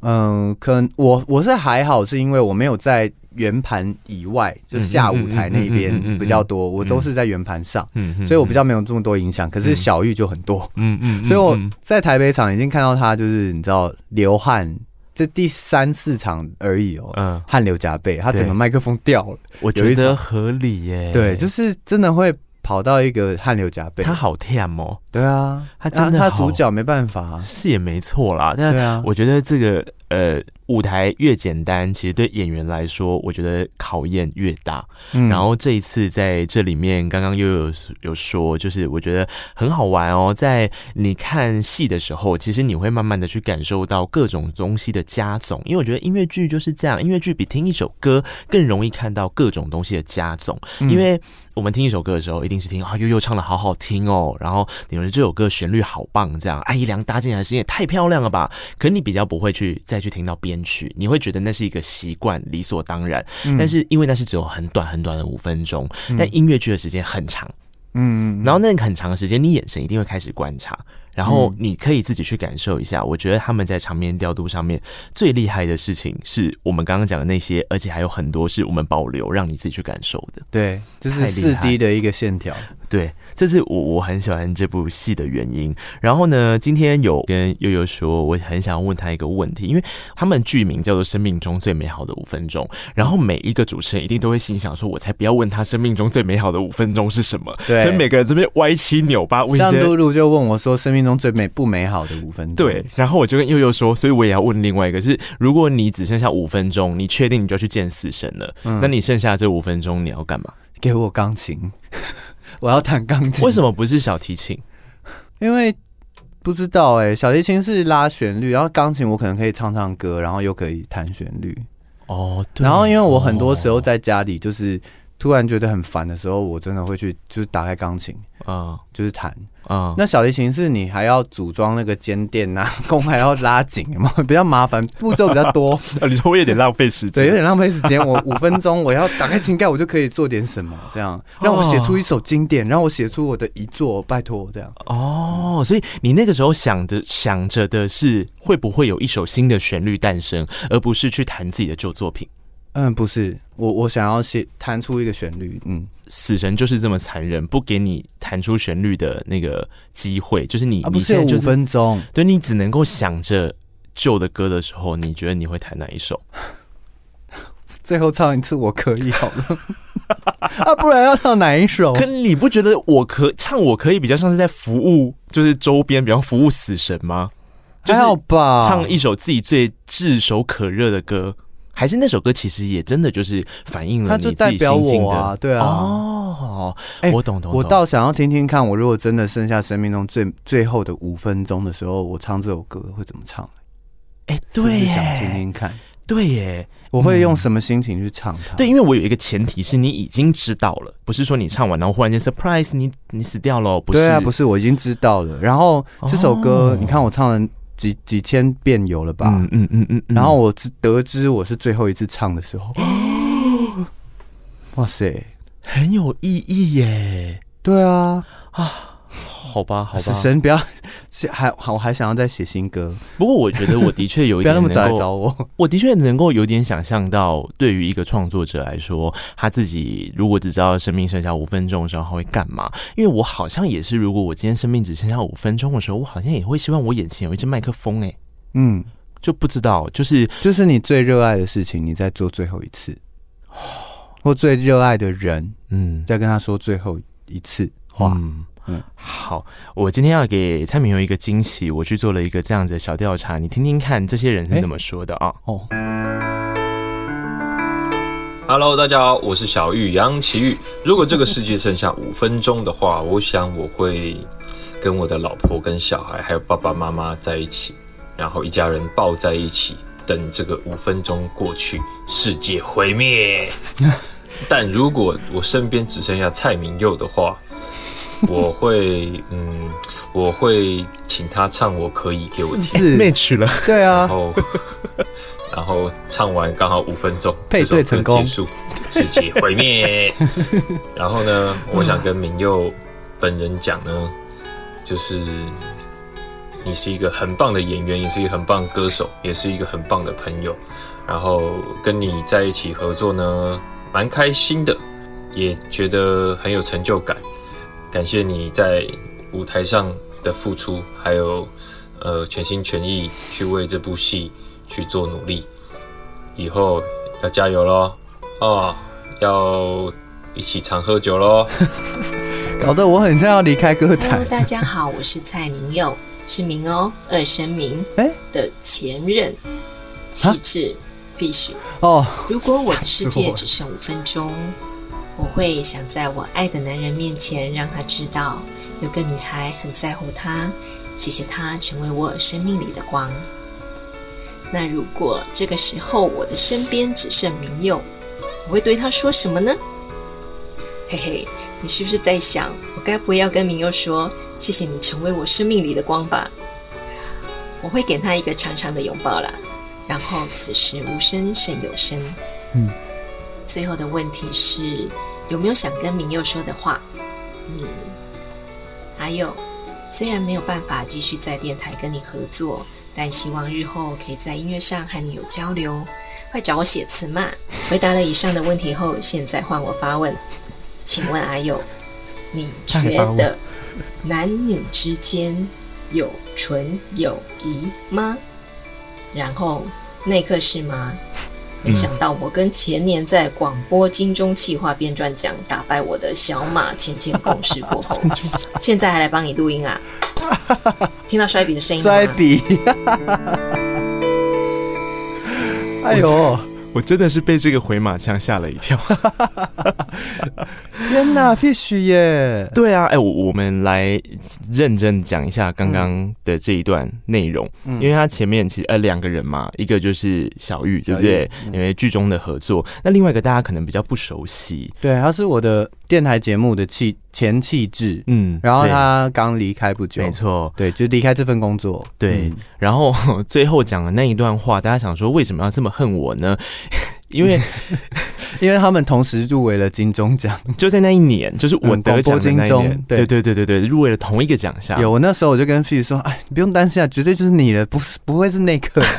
嗯，可能我我是還好，是因為我沒有在圓盤以外，就下舞台那邊比較多，嗯嗯嗯嗯，我都是在圓盤上，嗯嗯嗯，所以我比較沒有這麼多影響，嗯。可是小玉就很多，嗯嗯，嗯，所以我在台北場已經看到他，就是你知道流汗，這第三四場而已哦，嗯、汗流浹背，他整個麥克風掉了，我覺得合理耶，對，就是真的會。跑到一個汗流浹背，他好 t m 哦，對啊，他真的、啊、他主角沒辦法、啊，是也沒錯啦，但我覺得這個。呃，舞台越簡單，其實對演員來說，我覺得考驗越大。嗯。然後這一次在這裡面，剛剛佑佑有說，就是我覺得很好玩哦。在你看戲的時候，其實你會慢慢的去感受到各種東西的加總。因為我覺得音樂劇就是這樣，音樂劇比聽一首歌更容易看到各種東西的加總。嗯。因為我們聽一首歌的時候，一定是聽啊，佑佑唱得好好聽哦。然後你們這首歌旋律好棒，這樣阿姨梁搭進來是也太漂亮了吧？可你比較不會去。再去聽到編曲，你會覺得那是一個習慣，理所當然，嗯。但是因為那是只有很短很短的五分鐘，嗯，但音樂劇的時間很長，嗯，然後那個很長的時間，你眼神一定會開始觀察。然後你可以自己去感受一下，嗯，我覺得他們在場面調度上面最厲害的事情是我們剛剛講的那些，而且還有很多是我們保留讓你自己去感受的。對，這是四 D 的一個線條。對，這是我我很喜歡這部戲的原因。然後呢，今天有跟悠悠說，我很想要問他一個問題，因為他們劇名叫做《生命中最美好的五分鐘》，然後每一個主持人一定都會心想說：“我才不要問他生命中最美好的五分鐘是什麼。”對，所以每個人這邊歪七扭八問。上露露就問我說：“生命。”中最美不美好的五分鐘。對，然後我就跟佑佑說，所以我也要問另外一個，就是如果你只剩下五分鐘，你確定你就要去見死神了？那、嗯、你剩下這五分鐘你要幹嘛？給我鋼琴， [laughs] 我要彈鋼琴。為什麼不是小提琴？因為不知道哎、欸，小提琴是拉旋律，然後鋼琴我可能可以唱唱歌，然後又可以彈旋律。哦，對，然後因為我很多時候在家裡就是。哦突然覺得很煩的時候，我真的會去就是打開鋼琴啊，oh. 就是彈啊。Oh. 那小提琴是你還要組裝那個肩墊吶、啊，弓還要拉緊嘛，比較麻煩，步驟比較多。你說我有點浪費時間？對，有點浪費時間。 [laughs] 我五分鐘，我要打開琴蓋，我就可以做點什麼，這樣讓我寫出一首經典，oh. 讓我寫出我的遺作，拜托這樣。哦、oh，所以你那個時候想着想着的是會不會有一首新的旋律誕生，而不是去彈自己的舊作品。嗯，不是我，我想要寫彈出一個旋律。嗯，死神就是這麼殘忍，不給你彈出旋律的那個機會，就是你，啊、不是你現在、就是、五分鐘，對你只能夠想着舊的歌的時候，你覺得你會彈哪一首？最後唱一次我可以好了 [laughs] [laughs] 啊，不然要唱哪一首？可你不覺得我可唱我可以比較像是在服務，就是周邊比方服務死神嗎？就好吧，唱一首自己最炙手可熱的歌。還是那首歌，其實也真的就是反映了你自己心境的，啊、對啊。哦，哦，欸、我懂懂，懂。我倒想要聽聽看，我如果真的剩下生命中最最後的五分鐘的時候，我唱這首歌會怎麼唱？哎，對，想聽聽看。對耶，我會用什麼心情去唱它？嗯嗯、對，因為我有一個前提是你已經知道了，不是說你唱完然後忽然間 surprise 你你死掉了。不是，啊、不是，我已經知道了。然後這首歌，你看我唱了、哦。幾幾千遍有了吧，嗯嗯嗯，嗯，然後我得知我是最後一次唱的時候，嗯，哇塞，很有意義耶，對啊，啊。好吧，好吧，死神不要。還好，我還想要再寫新歌。不過我覺得我的確有一點能夠 [laughs] 我的確能夠有點想象到，對於一個創作者來說，他自己如果只知道生命剩下五分鐘的時候，他會幹嘛？因為我好像也是，如果我今天生命只剩下五分鐘的時候，我好像也會希望我眼前有一隻麥克風，欸，哎，嗯，就不知道，就是就是你最熱愛的事情，你再做最後一次，或最熱愛的人，嗯，再跟他說最後一次話。嗯嗯，好，我今天要給蔡旻佑一個驚喜。我去做了一個這樣子的小調查，你聽聽看，這些人是怎麼說的啊？哦、欸 oh.，Hello，大家好，我是小煜，楊奇煜。如果這個世界剩下五分鐘的話， [laughs] 我想我會跟我的老婆、跟小孩還有爸爸媽媽在一起，然後一家人抱在一起，等這個五分鐘過去，世界毀滅。 [laughs] 但如果我身邊只剩下蔡旻佑的話。 [laughs] 我會嗯，我會請他唱，我可以給我聽，match 了，對啊，然後然後唱完剛好五分鐘，配對成功，世界毀滅。然後呢，我想跟旻佑本人講呢，就是你是一個很棒的演員，也是一個很棒的歌手，也是一個很棒的朋友。然後跟你在一起合作呢，蠻開心的，也覺得很有成就感。感謝你在舞台上的付出，還有，呃，全心全意去為這部戲去做努力。以後要加油嘍！哦，要一起常喝酒嘍！ [laughs] 搞得我很像要離開歌壇。 [laughs] Hello, 大家好，我是蔡旻佑，是旻哦，二聲旻的前任、欸、氣質、啊、必須哦，如果我的世界只剩五分鐘。 [laughs] 我會想在我愛的男人面前，讓他知道有個女孩很在乎他，謝謝他成為我生命裡的光。那如果這個時候我的身邊只剩旻佑，我會對他說什麼呢？嘿嘿，你是不是在想我該不會要跟旻佑說謝謝你成為我生命裡的光吧？我會給他一個長長的擁抱了，然後此時無聲勝有聲。嗯。最後的問題是，有沒有想跟旻佑說的話？嗯，阿佑，雖然沒有辦法繼續在電台跟你合作，但希望日後可以在音樂上和你有交流。快找我寫詞嘛！回答了以上的問題後，現在換我發問，請問阿佑，你覺得男女之間有純友誼嗎？然後，那刻是嗎？嗯、想到我跟前年在廣播金鐘企劃編撰獎打敗我的小馬前前共事過後， [laughs] 現在還來幫你錄音啊！聽到摔筆的聲音嗎？摔筆 [laughs] ！哎呦，我真的是被這個回馬槍嚇了一跳！ [laughs] 天吶， [laughs] 必須耶！對啊，哎、欸，我我們來認真講一下剛剛的這一段內容，嗯，因為他前面其實呃兩個人嘛，一個就是小玉，小玉對不對？嗯，因為劇中的合作，那另外一個大家可能比較不熟悉，對，他是我的電台節目的企，前企製。嗯，然後他剛離開不久，沒錯，對，就離開這份工作，對，嗯，然後最後講的那一段話，大家想說，為什麼要這麼恨我呢？ [laughs] 因為， [laughs] 因為他們同時入圍了金鐘獎，就在那一年，就是我得獎的那一年，嗯、金鐘，對對對對對，入圍了同一個獎項。有，我那時候我就跟 F 說：“哎，不用擔心啊，絕對就是你了，不是，不會是那個。 [laughs] ”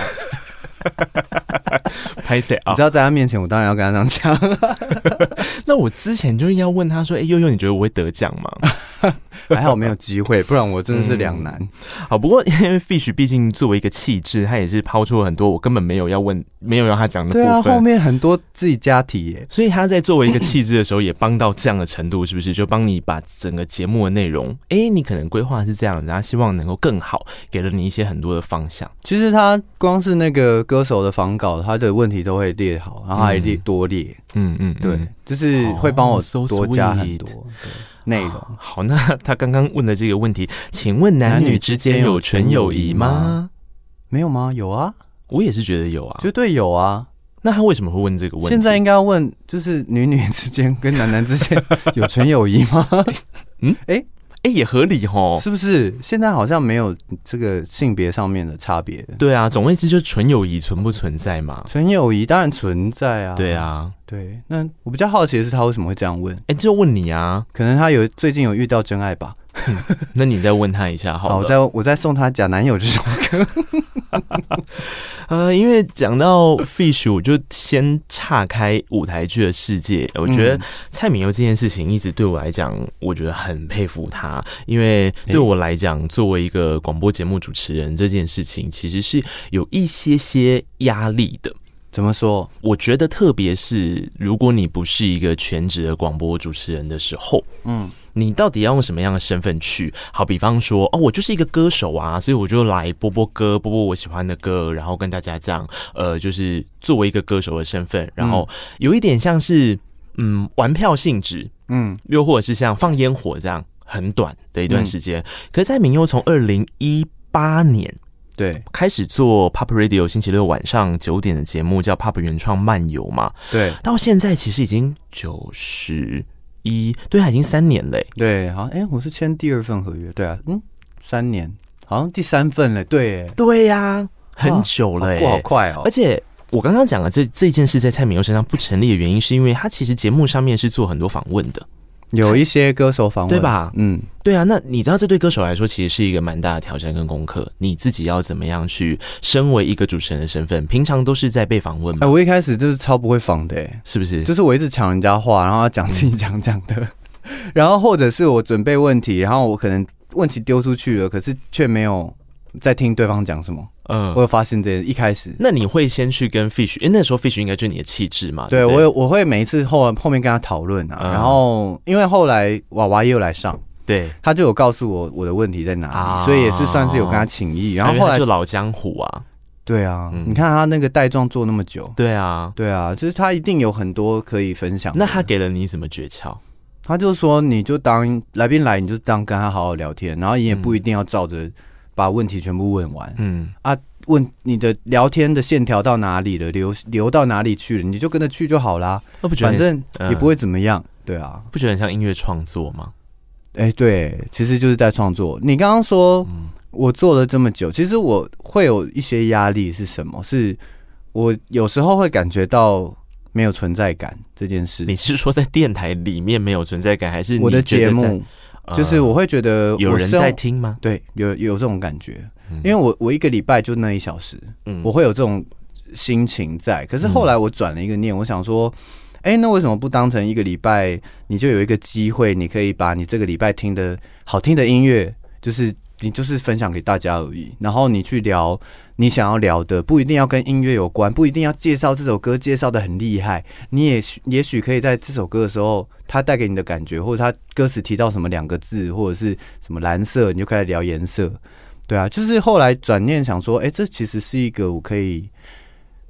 拍攝啊，你知道在他面前，我當然要跟他這樣講。 [laughs] [laughs] 那我之前就應該問他說：“哎、欸，悠悠，你覺得我會得獎嗎？” [laughs] 還好沒有機會，不然我真的是兩難、嗯。好，不過因為 Fish 畢竟作為一個氣質，他也是拋出了很多我根本沒有要問、沒有要他講的部分、啊。後面很多自己加題耶，所以他在作為一個氣質的時候，也幫到這樣的程度，是不是？就幫你把整個節目的內容，哎、欸，你可能規劃是這樣子，然後希望能夠更好，給了你一些很多的方向。其實他光是那個。歌手的訪綱，他的問題都會列好，然後還列多列。嗯嗯，對、嗯，就是會幫我多加很多內容、oh, so 啊。好，那他剛剛問的這個問題，請問男女之間有純友誼嗎？沒有嗎？有啊，我也是覺得有啊，絕對有啊。那他為什麼會問這個問題？現在應該要問，就是女女之間跟男男之間 [laughs] 有純友誼嗎、 [laughs] 欸？嗯，哎、欸。也合理吼，是不是？現在好像沒有這個性別上面的差別，對啊。總問一句就是純友誼存不存在嘛？純友誼當然存在啊。對啊，對。那我比較好奇的是，他為什麼會這樣問？哎、欸，就問你啊，可能他有最近有遇到真愛吧。 [laughs] 那你再問他一下好，哦，我再我再送他假男友這首歌。 [laughs] [laughs] 呃，因為講到 Fish，我就先岔開舞台劇的世界，嗯。我覺得蔡旻佑這件事情一直對我來講，我覺得很佩服他，因為對我來講，欸，作為一個廣播節目主持人這件事情，其實是有一些些壓力的。怎麼說？我覺得特別是如果你不是一個全職的廣播主持人的時候，嗯。你到底要用什麼樣的身份去？好，比方說哦，我就是一個歌手啊，所以我就來播播歌，播播我喜歡的歌，然後跟大家這樣，呃，就是作為一個歌手的身份，然後有一點像是嗯玩票性質，嗯，又或者是像放煙火這樣很短的一段時間、嗯。可是，在旻佑從二零一八年對開始做 Pop Radio 星期六晚上九點的節目，叫 Pop 原創漫遊嘛，對，到現在其實已經九十。一，對啊，已經三年了。對，好、啊，哎，我是簽第二份合約。對啊，嗯，三年，好像第三份了。對耶，對呀、啊，很久了，過、啊啊、好快哦。而且我剛剛講了，這這件事在蔡旻佑身上不成立的原因，是因為他其實節目上面是做很多訪問的。有一些歌手訪問，對吧？嗯，對啊。那你知道這對歌手來說其實是一個蠻大的挑戰跟功課。你自己要怎麼樣去身為一個主持人的身份，平常都是在被訪問嗎、欸？我一開始就是超不會訪的、欸，是不是？就是我一直搶人家話，然後要講自己講講的、嗯，然後或者是我準備問題，然後我可能問題丟出去了，可是卻沒有。.在聽對方講什麼？嗯，我有發現這一開始，那你會先去跟 Fish？哎、欸，那時候 Fish 應該就是你的氣質嘛。對，對我，我會每一次後後面跟他討論啊、嗯。然後因為後來娃娃又來上，對，他就有告訴我我的問題在哪裡、啊，所以也是算是有跟他請益、啊。然後後來、啊、他就老江湖啊，對啊，嗯、你看他那個帶狀做那麼久，對啊，對啊，就是他一定有很多可以分享。那他給了你什麼訣竅？他就說，你就當來賓來，你就當跟他好好聊天，然後你也不一定要照着。嗯把問題全部問完，嗯啊，問你的聊天的線條到哪裡了，流流到哪裡去了，你就跟着去就好啦你。反正也不會怎麼樣，嗯、對啊，不覺得很像音樂創作嗎？哎、欸，對，其實就是在創作。你剛剛說、嗯，我做了這麼久，其實我會有一些壓力是什麼？是我有時候會感覺到沒有存在感這件事。你是說在電台裡面沒有存在感，還是你覺得在我的節目？就是我會覺得、嗯、有人在聽嗎？對，有有這種感覺，嗯、因為我我一個禮拜就那一小時、嗯，我會有這種心情在。可是後來我轉了一個念，我想說，哎、嗯欸，那為什麼不當成一個禮拜，你就有一個機會，你可以把你這個禮拜聽的好聽的音樂，就是。你就是分享給大家而已，然後你去聊你想要聊的，不一定要跟音樂有關，不一定要介紹這首歌介紹的很厲害。你也也許可以在這首歌的時候，它帶給你的感覺，或者它歌詞提到什麼兩個字，或者是什麼藍色，你就開始聊顏色。對啊，就是後來轉念想說，誒，這其實是一個我可以。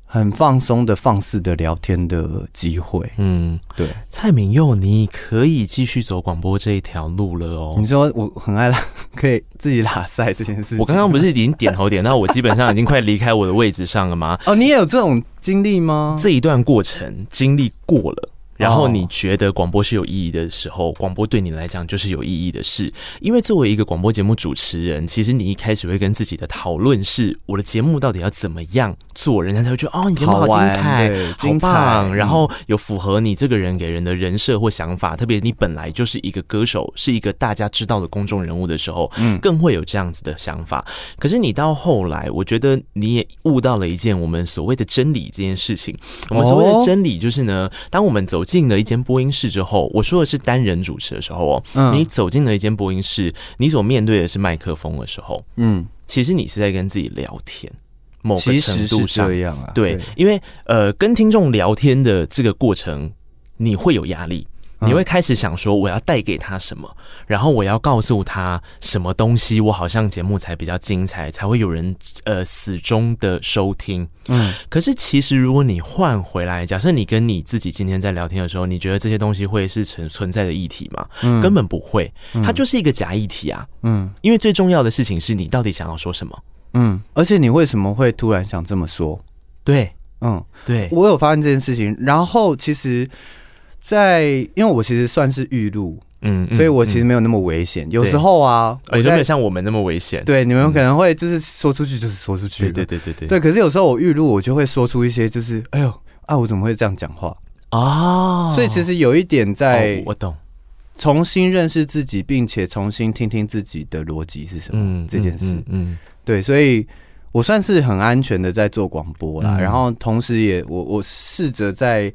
很放鬆的、放肆的聊天的機會，嗯，對，蔡旻佑，你可以繼續走廣播這一條路了哦。你說我很愛了，可以自己拉賽這件事情。我剛剛不是已經點頭點到，我基本上已經快離開我的位置上了嗎？ [laughs] 哦，你也有這種經歷嗎？這一段過程經歷過了。然後你覺得廣播是有意義的時候，廣播對你來講就是有意義的事。因為作為一個廣播節目主持人，其實你一開始會跟自己的討論是：我的節目到底要怎麼樣做，人家才會覺得哦，你節目好精彩，很棒，好棒、嗯。然後有符合你這個人給人的人設或想法。特別你本來就是一個歌手，是一個大家知道的公眾人物的時候，嗯，更會有這樣子的想法、嗯。可是你到後來，我覺得你也悟到了一件我們所謂的真理這件事情。我們所謂的真理就是呢，哦、當我們走進了一間播音室之後，我說的是單人主持的時候哦，嗯，你走進了一間播音室，你所面對的是麥克風的時候，嗯，其實你是在跟自己聊天，某個程度上，是這樣啊，對，對，因為呃，跟聽眾聊天的這個過程，你會有壓力。你會開始想說我要帶給他什麼、嗯，然後我要告訴他什麼東西，我好像節目才比較精彩，才會有人呃死忠的收聽。嗯，可是其實如果你換回來，假設你跟你自己今天在聊天的時候，你覺得這些東西會是存存在的議題嗎、嗯？根本不會，它就是一個假議題啊。嗯，因為最重要的事情是你到底想要說什麼。嗯，而且你為什麼會突然想這麼說？對，嗯，對我有發現這件事情，然後其實。在，因為我其實算是預錄、嗯。嗯，所以我其實沒有那麼危險、嗯。有時候啊，我、欸、就沒有像我們那麼危險。對、嗯，你們可能會就是說出去就是說出去，對對對對對，對。對，可是有時候我預錄，我就會說出一些就是，哎呦，啊，我怎麼會這樣講話啊、哦？所以其實有一點在，我懂，重新認識自己，並且重新聽聽自己的邏輯是什麼、嗯、這件事嗯嗯。嗯，對，所以我算是很安全的在做廣播啦、嗯。然後同時也我我試着在。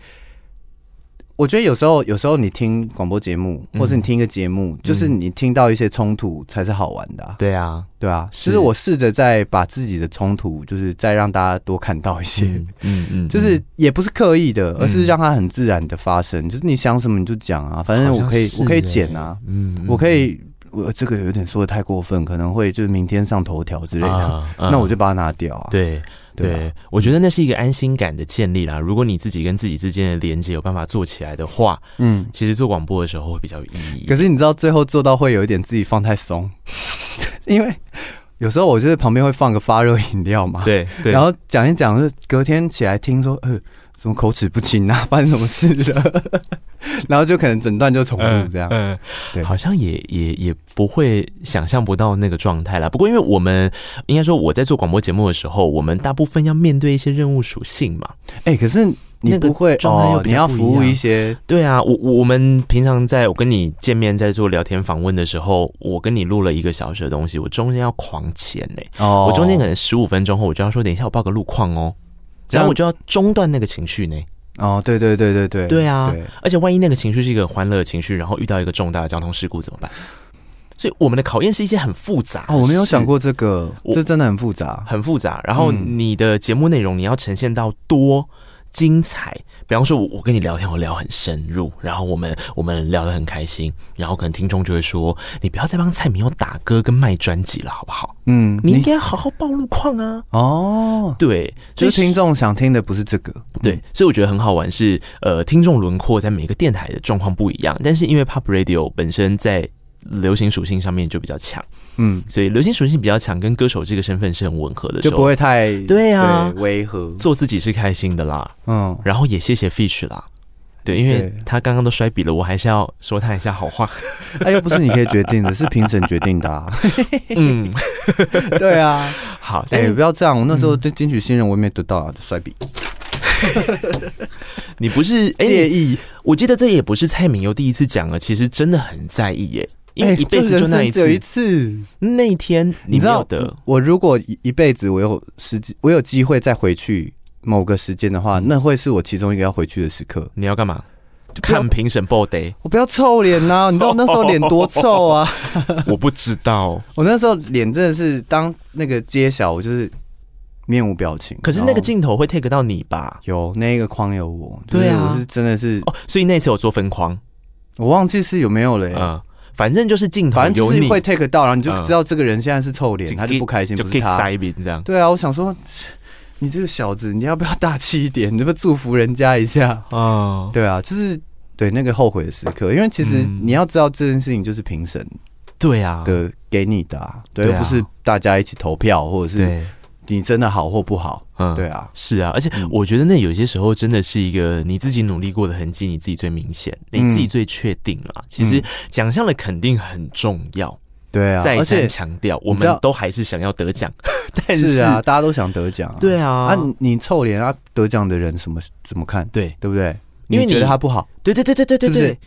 我覺得有時候，有時候你聽廣播節目，或是你聽一個節目、嗯，就是你聽到一些衝突才是好玩的、啊。對啊，對啊。其實我試着再把自己的衝突，就是再讓大家多看到一些。嗯嗯，嗯。就是也不是刻意的，嗯、而是讓它很自然的發生、嗯。就是你想什麼你就講啊，反正我可以，我可以剪啊、嗯。嗯。我可以，我這個有點說的太過分，可能會就是明天上頭條之類的，啊、 [laughs] 那我就把它拿掉啊。啊啊對。對,對，我覺得那是一個安心感的建立啦。如果你自己跟自己之間的連接有辦法做起來的話，嗯，其實做廣播的時候會比較有意義。可是你知道，最後做到會有一點自己放太鬆，因為有時候我就是旁邊會放個發熱飲料嘛，對，對，然後講一講，就隔天起來聽說，呃。什麼口齒不清啊？發生什麼事了 [laughs] [laughs] 然後就可能整段就重複這樣，嗯，嗯，對，好像也也也不會想象不到那個狀態啦。不過因為我們應該說，我在做廣播節目的時候，我們大部分要面對一些任務屬性嘛、欸。哎，可是你不會、那個狀態、又比較不哦，你要服務一些，對啊，我我們平常在我跟你見面在做聊天訪問的時候，我跟你錄了一個小時的東西，我中間要狂剪呢。哦，我中間可能十五分鐘後我就要說，等一下我報個路況哦。然後我就要中斷那個情緒呢。哦，對對對對對，對啊！對。而且萬一那個情緒是一個歡樂情緒，然後遇到一個重大的交通事故怎麼辦？所以我們的考驗是一些很複雜。哦，我沒有想過這個，這真的很複雜，很複雜。然後你的節目內容你要呈現到多。嗯精彩，比方說我，我跟你聊天，我聊很深入，然後我們我們聊得很開心，然後可能聽眾就會說，你不要再幫蔡旻佑打歌跟賣專輯了，好不好？嗯，你應該好好報路況啊。哦，對，所以、就是、聽眾想聽的不是這個，對，所以我覺得很好玩是，呃，聽眾輪廓在每個電台的狀況不一樣，但是因為 Pop Radio 本身在。流行屬性上面就比較強，嗯，所以流行屬性比較強，跟歌手這個身份是很吻合的，就不會太對啊，對違和做自己是開心的啦，嗯，然後也謝謝 Fish 啦，對，因為他剛剛都摔筆了，我還是要說他一下好話，哎、欸，又不是你可以決定的，是評審決定的、啊，嗯， [laughs] 對啊，好，哎、欸欸，不要這樣，我那時候對金曲新人我也沒得到、啊，就摔筆， [laughs] 你不是、欸、介意？我記得這也不是蔡旻佑第一次講了，其實真的很在意耶、欸。因為一輩子就那一次，那、欸、天，你知道的。我如果一一輩子我有時機，我有機會再回去某個時間的話、嗯，那會是我其中一個要回去的時刻。你要幹嘛？就看評審 board day？我不要臭臉吶、啊！ [laughs] 你知道我那時候臉多臭啊？ [laughs] 我不知道， [laughs] 我那時候臉真的是當那個揭曉，我就是面無表情。可是那個鏡頭會 take 到你吧？有那個框有我。對啊，我是真的是哦。所以那次我做分框，我忘記是有沒有了、欸。嗯反正就是鏡頭，反正就是你會 take 到，然後你就知道這個人現在是臭臉、嗯，他就不開心，就是他。就塞比這樣。對啊，我想說，你這個小子，你要不要大氣一點？你要不要祝福人家一下啊、哦？對啊，就是對那個後悔的時刻，因為其實你要知道，這件事情就是評審對啊的給你的、啊對啊，對，不是大家一起投票或者是。你真的好或不好？嗯，對啊，是啊，而且我覺得那有些時候真的是一個你自己努力過的痕跡、嗯，你自己最明顯，你自己最確定了。其實獎項的肯定很重要，對啊。再三強調，我們都還是想要得獎，但是，是啊，大家都想得獎、啊，對啊。那、啊、你，你臭臉啊，得獎的人什麼怎麼看？對對不對？因為你，你覺得他不好？對對對對對對對是是。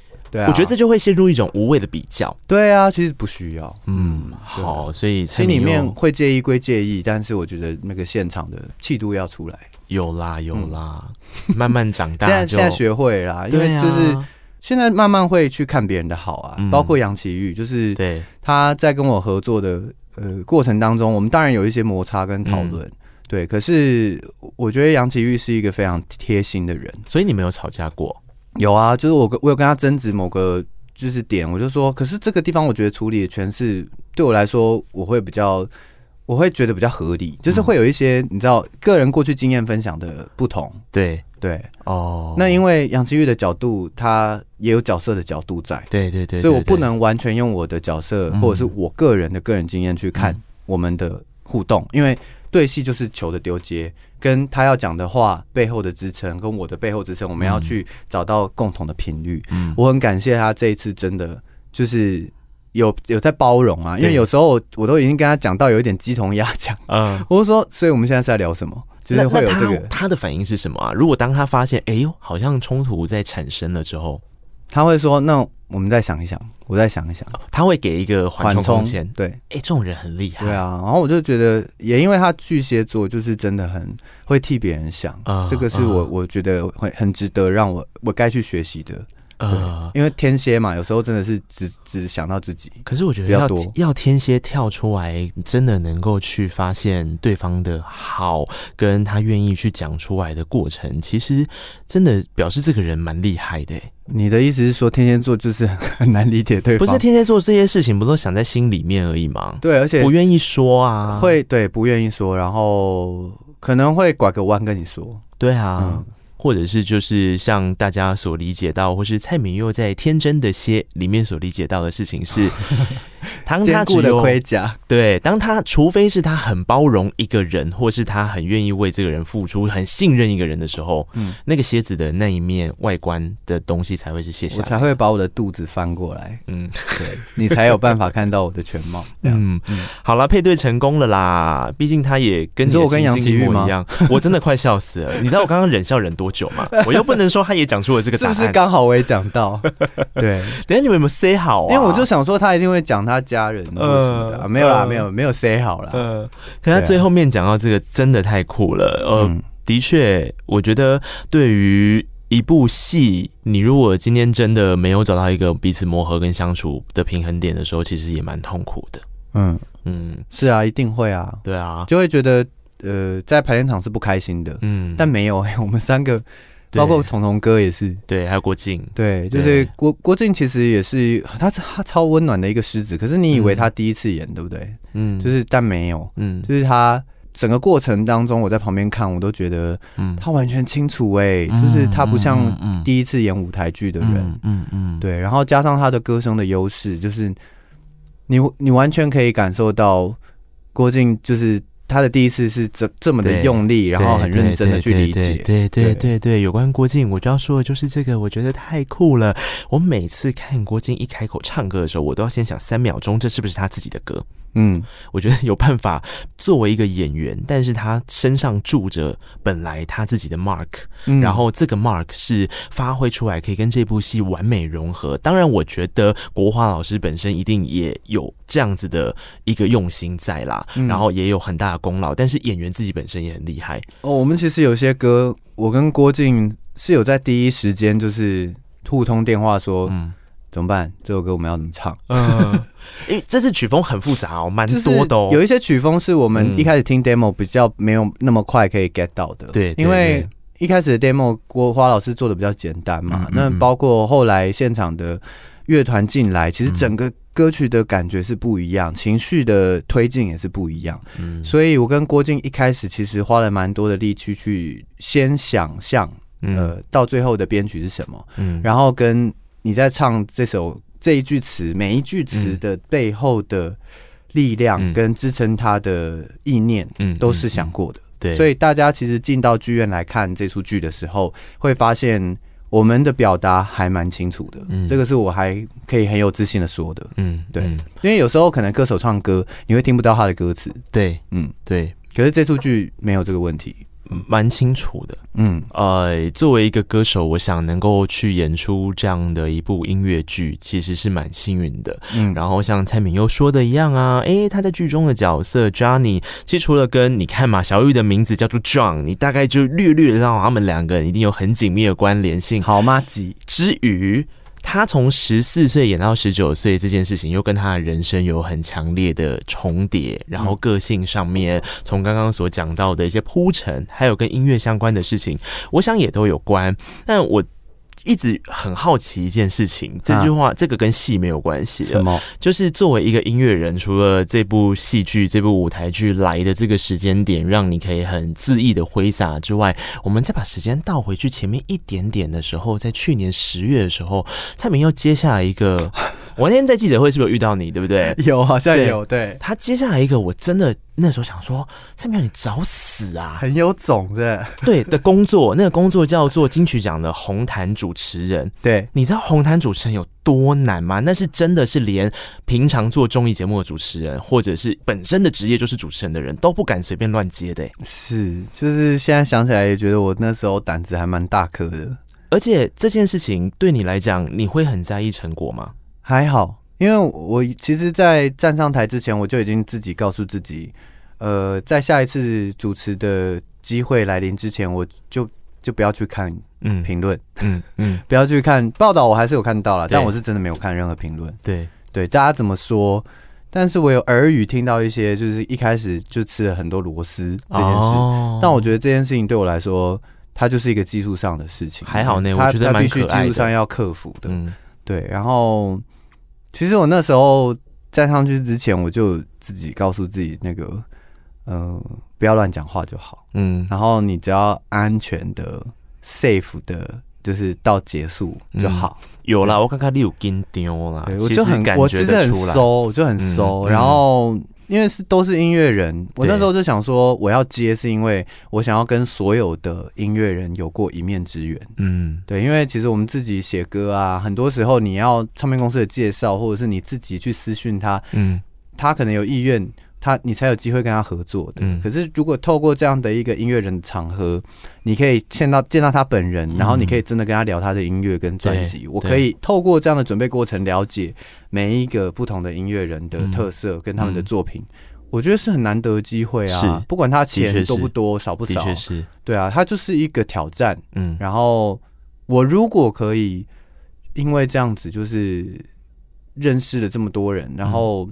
我覺得這就會陷入一種無謂的比較。對啊，其實不需要。嗯，好，所以心裡面會介意歸介意，但是我覺得那個現場的氣度要出來。有啦，有啦，嗯、慢慢長大現在，現在學會啦、啊，因為就是現在慢慢會去看別人的好啊。嗯、包括楊奇煜，就是他在跟我合作的呃過程當中，我們當然有一些摩擦跟討論、嗯。對，可是我覺得楊奇煜是一個非常貼心的人，所以你沒有吵架過？有啊，就是我跟，我有跟他爭執某個就是點，我就說，可是這個地方我覺得處理的詮釋，對我來說我會比較，我會覺得比較合理，就是會有一些、嗯、你知道個人過去經驗分享的不同，對對哦。那因為楊奇煜的角度，他也有角色的角度在，對對對，對對對，所以我不能完全用我的角色或者是我個人的個人經驗去看我們的互動，嗯、因為。對戲就是球的丟接，跟他要講的話背後的支撐，跟我的背後支撐，我們要去找到共同的頻率。嗯，我很感謝他這一次真的就是有有在包容啊，因為有時候我，我都已經跟他講到有一點雞同鴨講。嗯，我就說，所以我們現在是在聊什麼？就是、會有這個那那他，他的反應是什麼啊？如果當他發現，哎呦，好像衝突在產生了之後。他會說：“那我們再想一想，我再想一想。”哦，他會給一個緩衝空間。對，哎、欸，這種人很厲害。對啊，然後我就覺得，也因為他巨蟹座就是真的很會替別人想、嗯，這個是我、嗯、我覺得會很值得讓我我該去學習的。呃，因為天蠍嘛，有時候真的是只只想到自己比較多。可是我覺得要要天蠍跳出來，真的能夠去發現對方的好，跟他願意去講出來的過程，其實真的表示這個人蠻厲害的欸。你的意思是說，天蠍座就是很難理解對方？不是天蠍座這些事情，不都想在心裡面而已嗎？對，而且不願意說啊，會對不願意說，然後可能會拐個彎跟你說。對啊。嗯或者是就是像大家所理解到，或是蔡旻佑在《天真的蠍》裡面所理解到的事情是。 [laughs] 當他，堅固的盔甲，對，當他除非是他很包容一個人，或是他很願意為這個人付出，很信任一個人的時候，嗯，那個蠍子的那一面外觀的東西才會是卸下，我才會把我的肚子翻過來，嗯，對 [laughs] 你才有辦法看到我的全貌。嗯，嗯好了，配對成功了啦，畢竟他也跟你說跟楊奇煜一樣，我， [laughs] 我真的快笑死了。你知道我剛剛忍笑忍多久嗎？ [laughs] 我又不能說他也講出了這個答案，但是剛好我也講到， [laughs] 對，等一下你們有沒有 say 好、啊？因為我就想說他一定會講他。他家人呃、啊，沒有啦，呃、沒有沒有 say 好了、呃。可是他最後面講到這個，真的太酷了。啊、呃，的確，我覺得對於一部戲，你如果今天真的沒有找到一個彼此磨合跟相處的平衡點的時候，其實也蠻痛苦的。嗯嗯，是啊，一定會啊。對啊，就會覺得呃，在排練場是不開心的。嗯，但沒有，我們三個。包括從從哥也是，對，還有郭靜，對，就是郭郭靜其實也是，他、啊、是他超溫暖的一個獅子。可是你以為他第一次演，對不對？嗯，就是但沒有，嗯，就是他整個過程當中，我在旁邊看，我都覺得，嗯，他完全清楚哎、欸，就是他不像第一次演舞台劇的人，嗯嗯，嗯，嗯，嗯，對。然後加上他的歌聲的優勢，就是你你完全可以感受到郭靜就是。他的第一次是這這麼的用力，然後很認真的去理解。對對對對，對，對，對，對，對，對，有關郭靜，我就要說的就是這個，我覺得太酷了。我每次看郭靜一開口唱歌的時候，我都要先想三秒鐘，這是不是他自己的歌？嗯，我覺得有辦法。作為一個演員，但是他身上住着本來他自己的 Mark，、嗯、然後這個 Mark 是發揮出來，可以跟這部戲完美融合。當然，我覺得國華老師本身一定也有這樣子的一個用心在啦，嗯、然後也有很大的功勞。但是演員自己本身也很厲害哦。我們其實有些歌，我跟郭靜是有在第一時間就是互通電話說，嗯，怎麼辦？這首歌我們要怎麼唱？嗯。 [laughs] 哎、欸，這次曲風很複雜哦，蠻多的，哦。就是，有一些曲風是我們一開始聽 demo 比較沒有那麼快可以 get 到的。對、嗯，因為一開始的 demo 國華老師做的比較簡單嘛，嗯，那包括後來現場的樂團進來，嗯，其實整個歌曲的感覺是不一樣，嗯，情緒的推進也是不一樣。嗯，所以我跟郭靜一開始其實花了蠻多的力氣去先想象、嗯，呃，到最後的編曲是什麼，嗯，然後跟你在唱這首。這一句詞，每一句詞的背後的力量跟支撐他的意念，嗯，都是想過的。嗯嗯嗯嗯、對，所以大家其實進到劇院來看這出劇的時候，會發現我們的表達還蠻清楚的。嗯，這個是我還可以很有自信的說的。嗯，對，因為有時候可能歌手唱歌，你會聽不到他的歌詞。對，嗯，對。可是這出劇沒有這個問題。蠻清楚的，嗯，呃，作為一個歌手，我想能夠去演出這樣的一部音樂劇，其實是蠻幸運的，嗯。然後像蔡旻佑說的一樣啊，哎，他在劇中的角色 Johnny，其實除了跟你看嘛，小煜的名字叫做 John，你大概就略略的知道他們兩個人一定有很緊密的關聯性，好嗎？至之餘。他從十四歲演到十九歲這件事情，又跟他的人生有很強烈的重疊，然後個性上面，從剛剛所講到的一些鋪陳，還有跟音樂相關的事情，我想也都有關。那我一直很好奇一件事情，這句話、啊、這個跟戲沒有關係。什麼？就是作為一個音樂人，除了這部戲劇、這部舞台劇來的這個時間點，讓你可以很恣意的揮灑之外，我們再把時間倒回去前面一點點的時候，在去年十月的時候，蔡旻佑接下來一個。 [laughs] 我那天在記者會是不是有遇到你，對不對？ [laughs] 有，好像有對。對，他接下來一個我真的那時候想說，蔡旻佑，你找死啊！很有種的，對，對的工作， [laughs] 那個工作叫做金曲獎的紅毯主持人。對，你知道紅毯主持人有多難嗎？那是真的是連平常做綜藝節目的主持人，或者是本身的職業就是主持人的人都不敢隨便亂接的。是，就是現在想起來也覺得我那時候膽子還蠻大顆的是。而且這件事情對你來講，你會很在意成果嗎？還好，因為我其實，在站上台之前，我就已經自己告訴自己，呃，在下一次主持的機會來臨之前，我就就不要去看嗯評論，嗯嗯，嗯 [laughs] 不要去看報道。我還是有看到了，但我是真的沒有看任何評論。對對，大家怎麼說？但是我有耳語聽到一些，就是一開始就吃了很多螺絲這件事、哦。但我覺得這件事情對我來說，它就是一個技術上的事情。還好呢，嗯、我覺得它它必須技術上要克服的。嗯，對，然後。其實我那時候站上去之前，我就自己告訴自己，那個嗯、呃，不要亂講話就好。嗯，然後你只要安全的、safe 的，就是到結束就好。嗯、有啦，我剛剛六根丟啦，我就很其實感覺我真的很熟，我就很熟、嗯，然後。嗯因為是都是音樂人，我那時候就想說，我要接是因為我想要跟所有的音樂人有過一面之緣。嗯，對，因為其實我們自己寫歌啊，很多時候你要唱片公司的介紹，或者是你自己去私訊他，嗯，他可能有意願。他你才有機會跟他合作的。嗯。可是如果透過這樣的一個音樂人的場合，你可以見到見到他本人，嗯，然後你可以真的跟他聊他的音樂跟專輯。我可以透過這樣的準備過程了解每一個不同的音樂人的特色跟他們的作品。嗯，我覺得是很難得機會啊。不管他錢多不多少不少。的確是。對啊，他就是一個挑戰。嗯。然後我如果可以，因為這樣子就是認識了這麼多人，嗯，然後。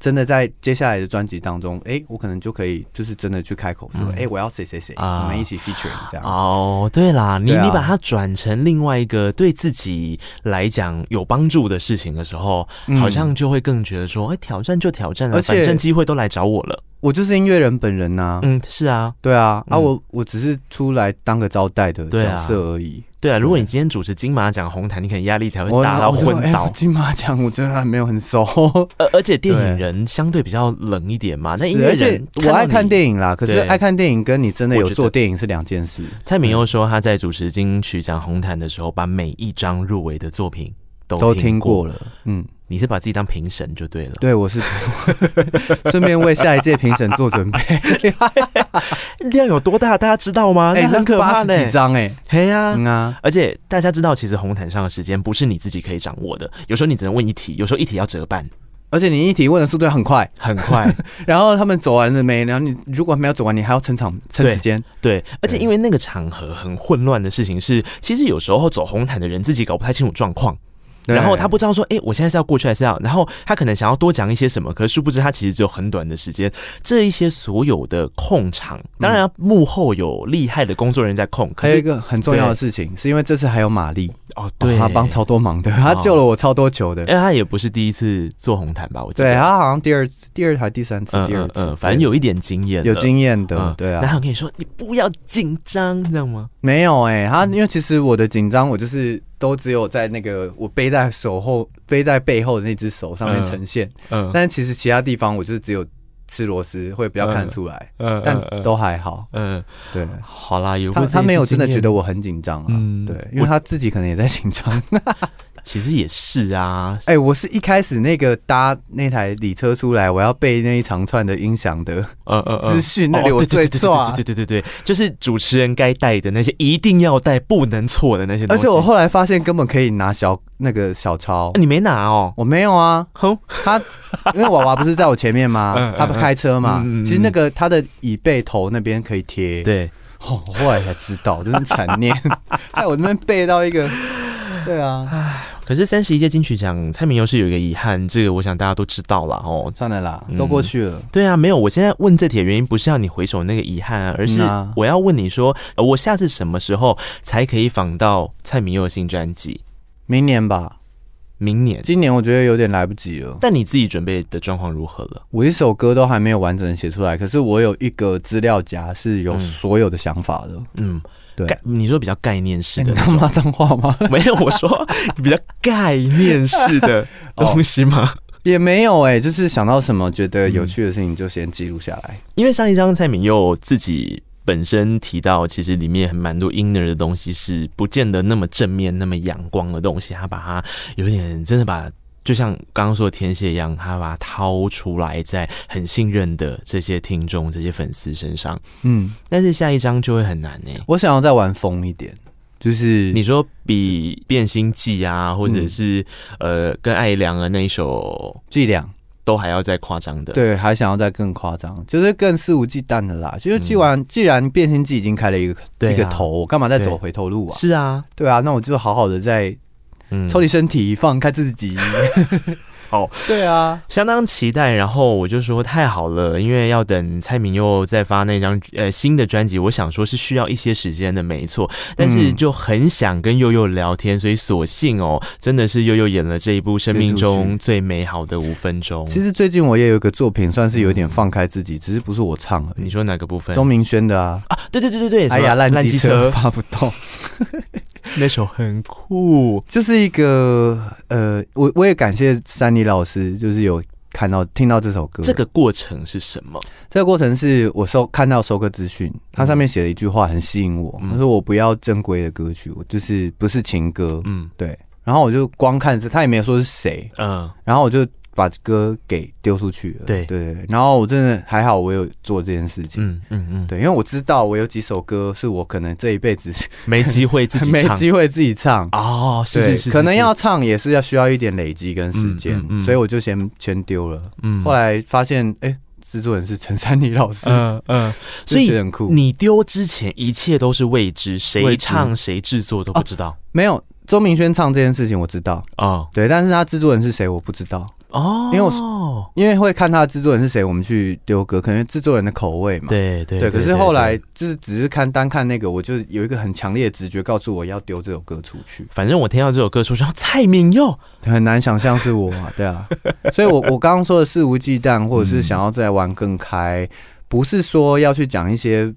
真的在接下來的專輯當中，誒、欸，我可能就可以就是真的去開口說，誒、嗯欸，我要誰誰誰，我們一起 feature 你這樣。哦，對啦，你、啊、你把它轉成另外一個對自己來講有幫助的事情的時候、嗯，好像就會更覺得說，誒、欸，挑戰就挑戰了，反正機會都來找我了。我就是音樂人本人吶、啊，嗯，是啊，對啊，嗯、啊我，我我只是出來當個招待的角色而已。對啊，對啊，如果你今天主持金馬獎紅毯，你可能壓力才會大到昏倒。欸、金馬獎我真的還沒有很熟，而、嗯、而且電影人相對比較冷一點嘛。那 [laughs] 音樂人，我愛看電影啦，可是愛看電影跟你真的有做電影是兩件事。蔡旻佑說他在主持金曲獎紅毯的時候，把每一張入圍的作品都聽、都聽過了，嗯。你是把自己當評審就對了。對，我是。順便為下一屆評審做準備。 [laughs] [laughs] [laughs] 量有多大，大家知道嗎？哎、欸，那很可怕呢，那幾張哎、欸。嘿呀、啊，嗯、啊！而且大家知道，其實紅毯上的時間不是你自己可以掌握的。有時候你只能問一題，有時候一題要折半。而且你一題問的速度很快，很快。 [laughs] 然後他們走完了沒？然後你如果還沒有走完，你還要撐場撐時間。對，而且因為那個場合很混亂的事情是、嗯，其實有時候走紅毯的人自己搞不太清楚狀況。然後他不知道說，哎、欸，我現在是要過去還是要？然後他可能想要多講一些什麼，可是殊不知他其實只有很短的時間。這一些所有的控場，當然幕後有厲害的工作人員在控可是，還有一個很重要的事情，是因為這次還有瑪麗哦，哦，他幫超多忙的，他救了我超多球的。哎、哦，因為他也不是第一次做紅毯吧？我記得。對，他好像第二次、第二台、還是第三次、第二次，反正有一點經驗，有經驗的、嗯，對啊。然後我跟你說，你不要緊張，你知道嗎？沒有哎、欸，他因為其實我的緊張，我就是。都只有在那個我背在手後、背在背後的那隻手上面呈現嗯，嗯，但其實其他地方我就是只有吃螺絲會比較看得出來、嗯嗯嗯，但都還好，嗯，對，好啦，是是他他沒有真的覺得我很緊張啊、嗯，對，因為他自己可能也在緊張。 [laughs] 其實也是啊，哎、欸，我是一開始那個搭那台禮車出來，我要背那一長串的音響的呃呃資訊那裡，我沒錯對對對對，就是主持人該帶的那些一定要帶，不能錯的那些東西。而且我後來發現根本可以拿小那個小抄。啊，你沒拿哦？我沒有啊，哼，他因為娃娃不是在我前面嗎？嗯，他不開車嗎，嗯嗯。其實那個他的椅背頭那邊可以貼，對，哦，我後來才知道，真，就是殘念。哎，我這邊背到一個，對啊，哎。可是三十一屆金曲獎，蔡旻佑是有一個遺憾，這個我想大家都知道了哦。算了啦、嗯，都過去了。對啊，沒有。我現在問這題的原因，不是要你回首那個遺憾，而是我要問你說、嗯啊，我下次什麼時候才可以訪到蔡旻佑的新專輯？明年吧。明年，今年我覺得有點來不及了。但你自己準備的狀況如何了？我一首歌都還沒有完整寫出來，可是我有一個資料夾是有所有的想法的。嗯。嗯概，你說比較概念式的那？他罵髒話嗎？沒有，我說比較概念式的東西嗎？ [laughs] 哦、也沒有哎、欸，就是想到什麼覺得有趣的事情就先記錄下來、嗯。因為上一張蔡旻佑自己本身提到，其實裡面蠻多 inner 的東西是不見得那麼正面、那麼陽光的東西，他把它有點真的把。就像剛剛說的天蠍一樣，他把它掏出來，在很信任的這些聽眾、這些粉絲身上，嗯。但是下一張就會很難呢、欸。我想要再玩瘋一點，就是你說比《變心記》啊，或者是、嗯、呃跟艾良的那一首《伎倆》都還要再誇張的，對，還想要再更誇張，就是更肆無忌憚的啦。就是完、嗯、既然既然《變心記》已經開了一個、啊、一個頭，幹嘛再走回頭路啊？是啊，對啊，那我就好好的在。抽離身體、嗯，放開自己。 [laughs] 好，對啊，相當期待。然後我就說太好了，因為要等蔡旻佑再發那張呃新的專輯，我想說是需要一些時間的，沒錯。但是就很想跟佑佑聊天，所以索性哦，真的是佑佑演了這一部生命中最美好的五分鐘。其實最近我也有一個作品，算是有點放開自己，嗯、只是不是我唱。你說哪個部分？鍾明軒的啊？啊，對對對對對，哎呀爛，爛機車發不動。 [laughs] 那首很酷 [laughs] 就是一個呃，我我也感謝珊妮老師，就是有看到聽到這首歌。這個過程是什麼？這個過程是我收看到收歌資訊，它上面寫了一句話，很吸引我。他、嗯、說我不要正規的歌曲，我就是不是情歌。嗯，對。然後我就光看這，他也沒有說是誰。嗯，然後我就。把歌給丟出去了，對對，然後我真的還好，我有做這件事情，嗯嗯嗯，對，因為我知道我有幾首歌是我可能這一輩子沒機會自己沒機會自己唱， [laughs] 沒機會自己唱、哦、是是，是，是。可能要唱也是要需要一點累積跟時間，嗯嗯嗯、所以我就先先丟了，嗯，後來發現哎，製作人是陳珊妮老師，嗯嗯，所以這很酷，你丟之前一切都是未知，誰唱誰製作都不知道，哦、沒有鍾明軒唱這件事情我知道哦。對，但是他製作人是誰我不知道。哦、oh，因為我因為會看他的制作人是誰，我們去丟歌，可能制作人的口味嘛。對對對，對，對對對。可是後來就是只是看單看那個，我就有一個很強烈的直覺，告訴我要丟這首歌出去。反正我聽到這首歌出去，然後蔡旻佑很難想象是我、啊，對啊。 [laughs] 所以我我剛剛說的肆無忌憚，或者是想要再玩更開，不是說要去講一些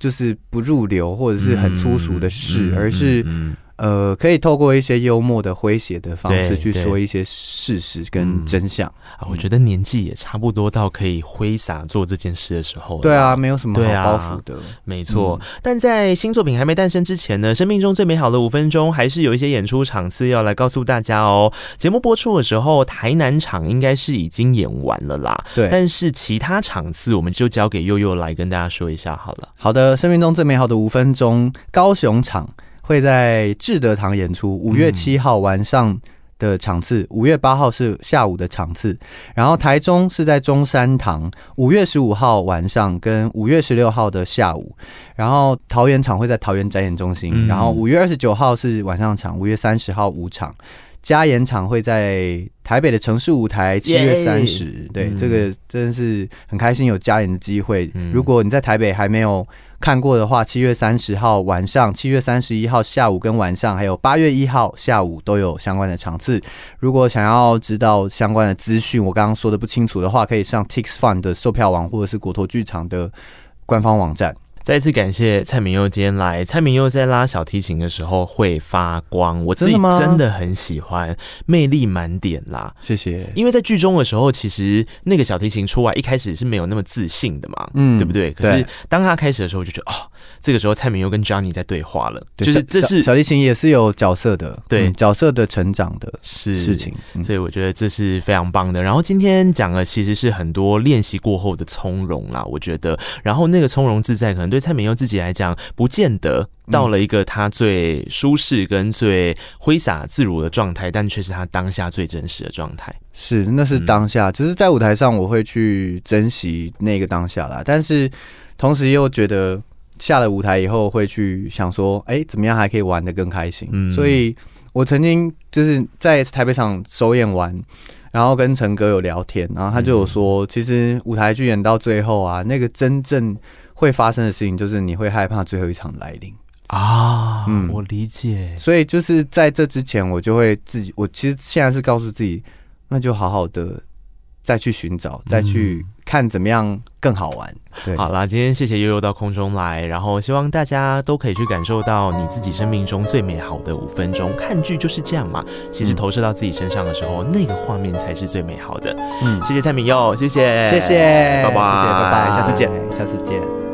就是不入流或者是很粗俗的事，嗯、而是。嗯嗯嗯嗯呃，可以透過一些幽默的詼諧的方式去說一些事實跟真相、嗯、啊。我覺得年紀也差不多到可以揮灑做這件事的時候了。對啊，沒有什麼好包袱的。啊、沒錯、嗯，但在新作品還沒誕生之前呢，《生命中最美好的五分鐘》還是有一些演出場次要來告訴大家哦。節目播出的時候，台南場應該是已經演完了啦。對，但是其他場次我們就交給佑佑來跟大家說一下好了。好的，《生命中最美好的五分鐘》高雄場。會在智德堂演出，五月七號晚上的場次，五月八號是下午的場次。然後台中是在中山堂，五月十五號晚上跟五月十六號的下午。然後桃園場會在桃園展演中心，然後五月二十九號是晚上場，五月三十號午場。加演場會在台北的城市舞台 30,、Yeah!，七月三十。對，這個真的是很開心有加演的機會。如果你在台北還沒有。看過的話，七月三十號晚上，七月三十一號下午跟晚上，還有八月一號下午都有相關的場次。如果想要知道相關的資訊，我剛剛說的不清楚的話，可以上 TixFun 的售票網或者是果陀劇場的官方網站。再次感謝蔡旻佑今天來。蔡旻佑在拉小提琴的時候會發光，我自己真的很喜歡，魅力滿點啦。謝謝。因為在劇中的時候，其實那個小提琴出來一開始是沒有那麼自信的嘛，嗯，對不對？可是當他開始的時候，我就覺得哦。這個時候，蔡旻佑跟 Johnny 在對話了，就是這是小提琴也是有角色的，對、嗯、角色的成長的事情、嗯，所以我覺得這是非常棒的。然後今天講的其實是很多練習過後的從容啦，我覺得。然後那個從容自在，可能對蔡旻佑自己來講，不見得到了一個他最舒適跟最揮灑自如的狀態、嗯，但卻是他當下最真實的狀態。是，那是當下，只、嗯就是在舞台上，我會去珍惜那個當下啦。但是同時又覺得。下了舞台以後，會去想說，哎，怎麼樣還可以玩得更開心？嗯、所以，我曾經就是在台北場首演完，然後跟陳哥有聊天，然後他就有說、嗯，其實舞台劇演到最後啊，那個真正會發生的事情，就是你會害怕最後一場來臨啊。嗯，我理解。所以就是在這之前，我就會自己，我其實現在是告訴自己，那就好好的再去尋找，嗯、再去。看怎麼樣更好玩？對，好啦，今天謝謝佑佑到空中來，然後希望大家都可以去感受到你自己生命中最美好的五分鐘。看劇就是這樣嘛，其實投射到自己身上的時候，嗯，那個畫面才是最美好的。嗯，謝謝蔡旻佑，謝謝，謝謝，拜拜，謝謝，拜拜，下次見，下次見。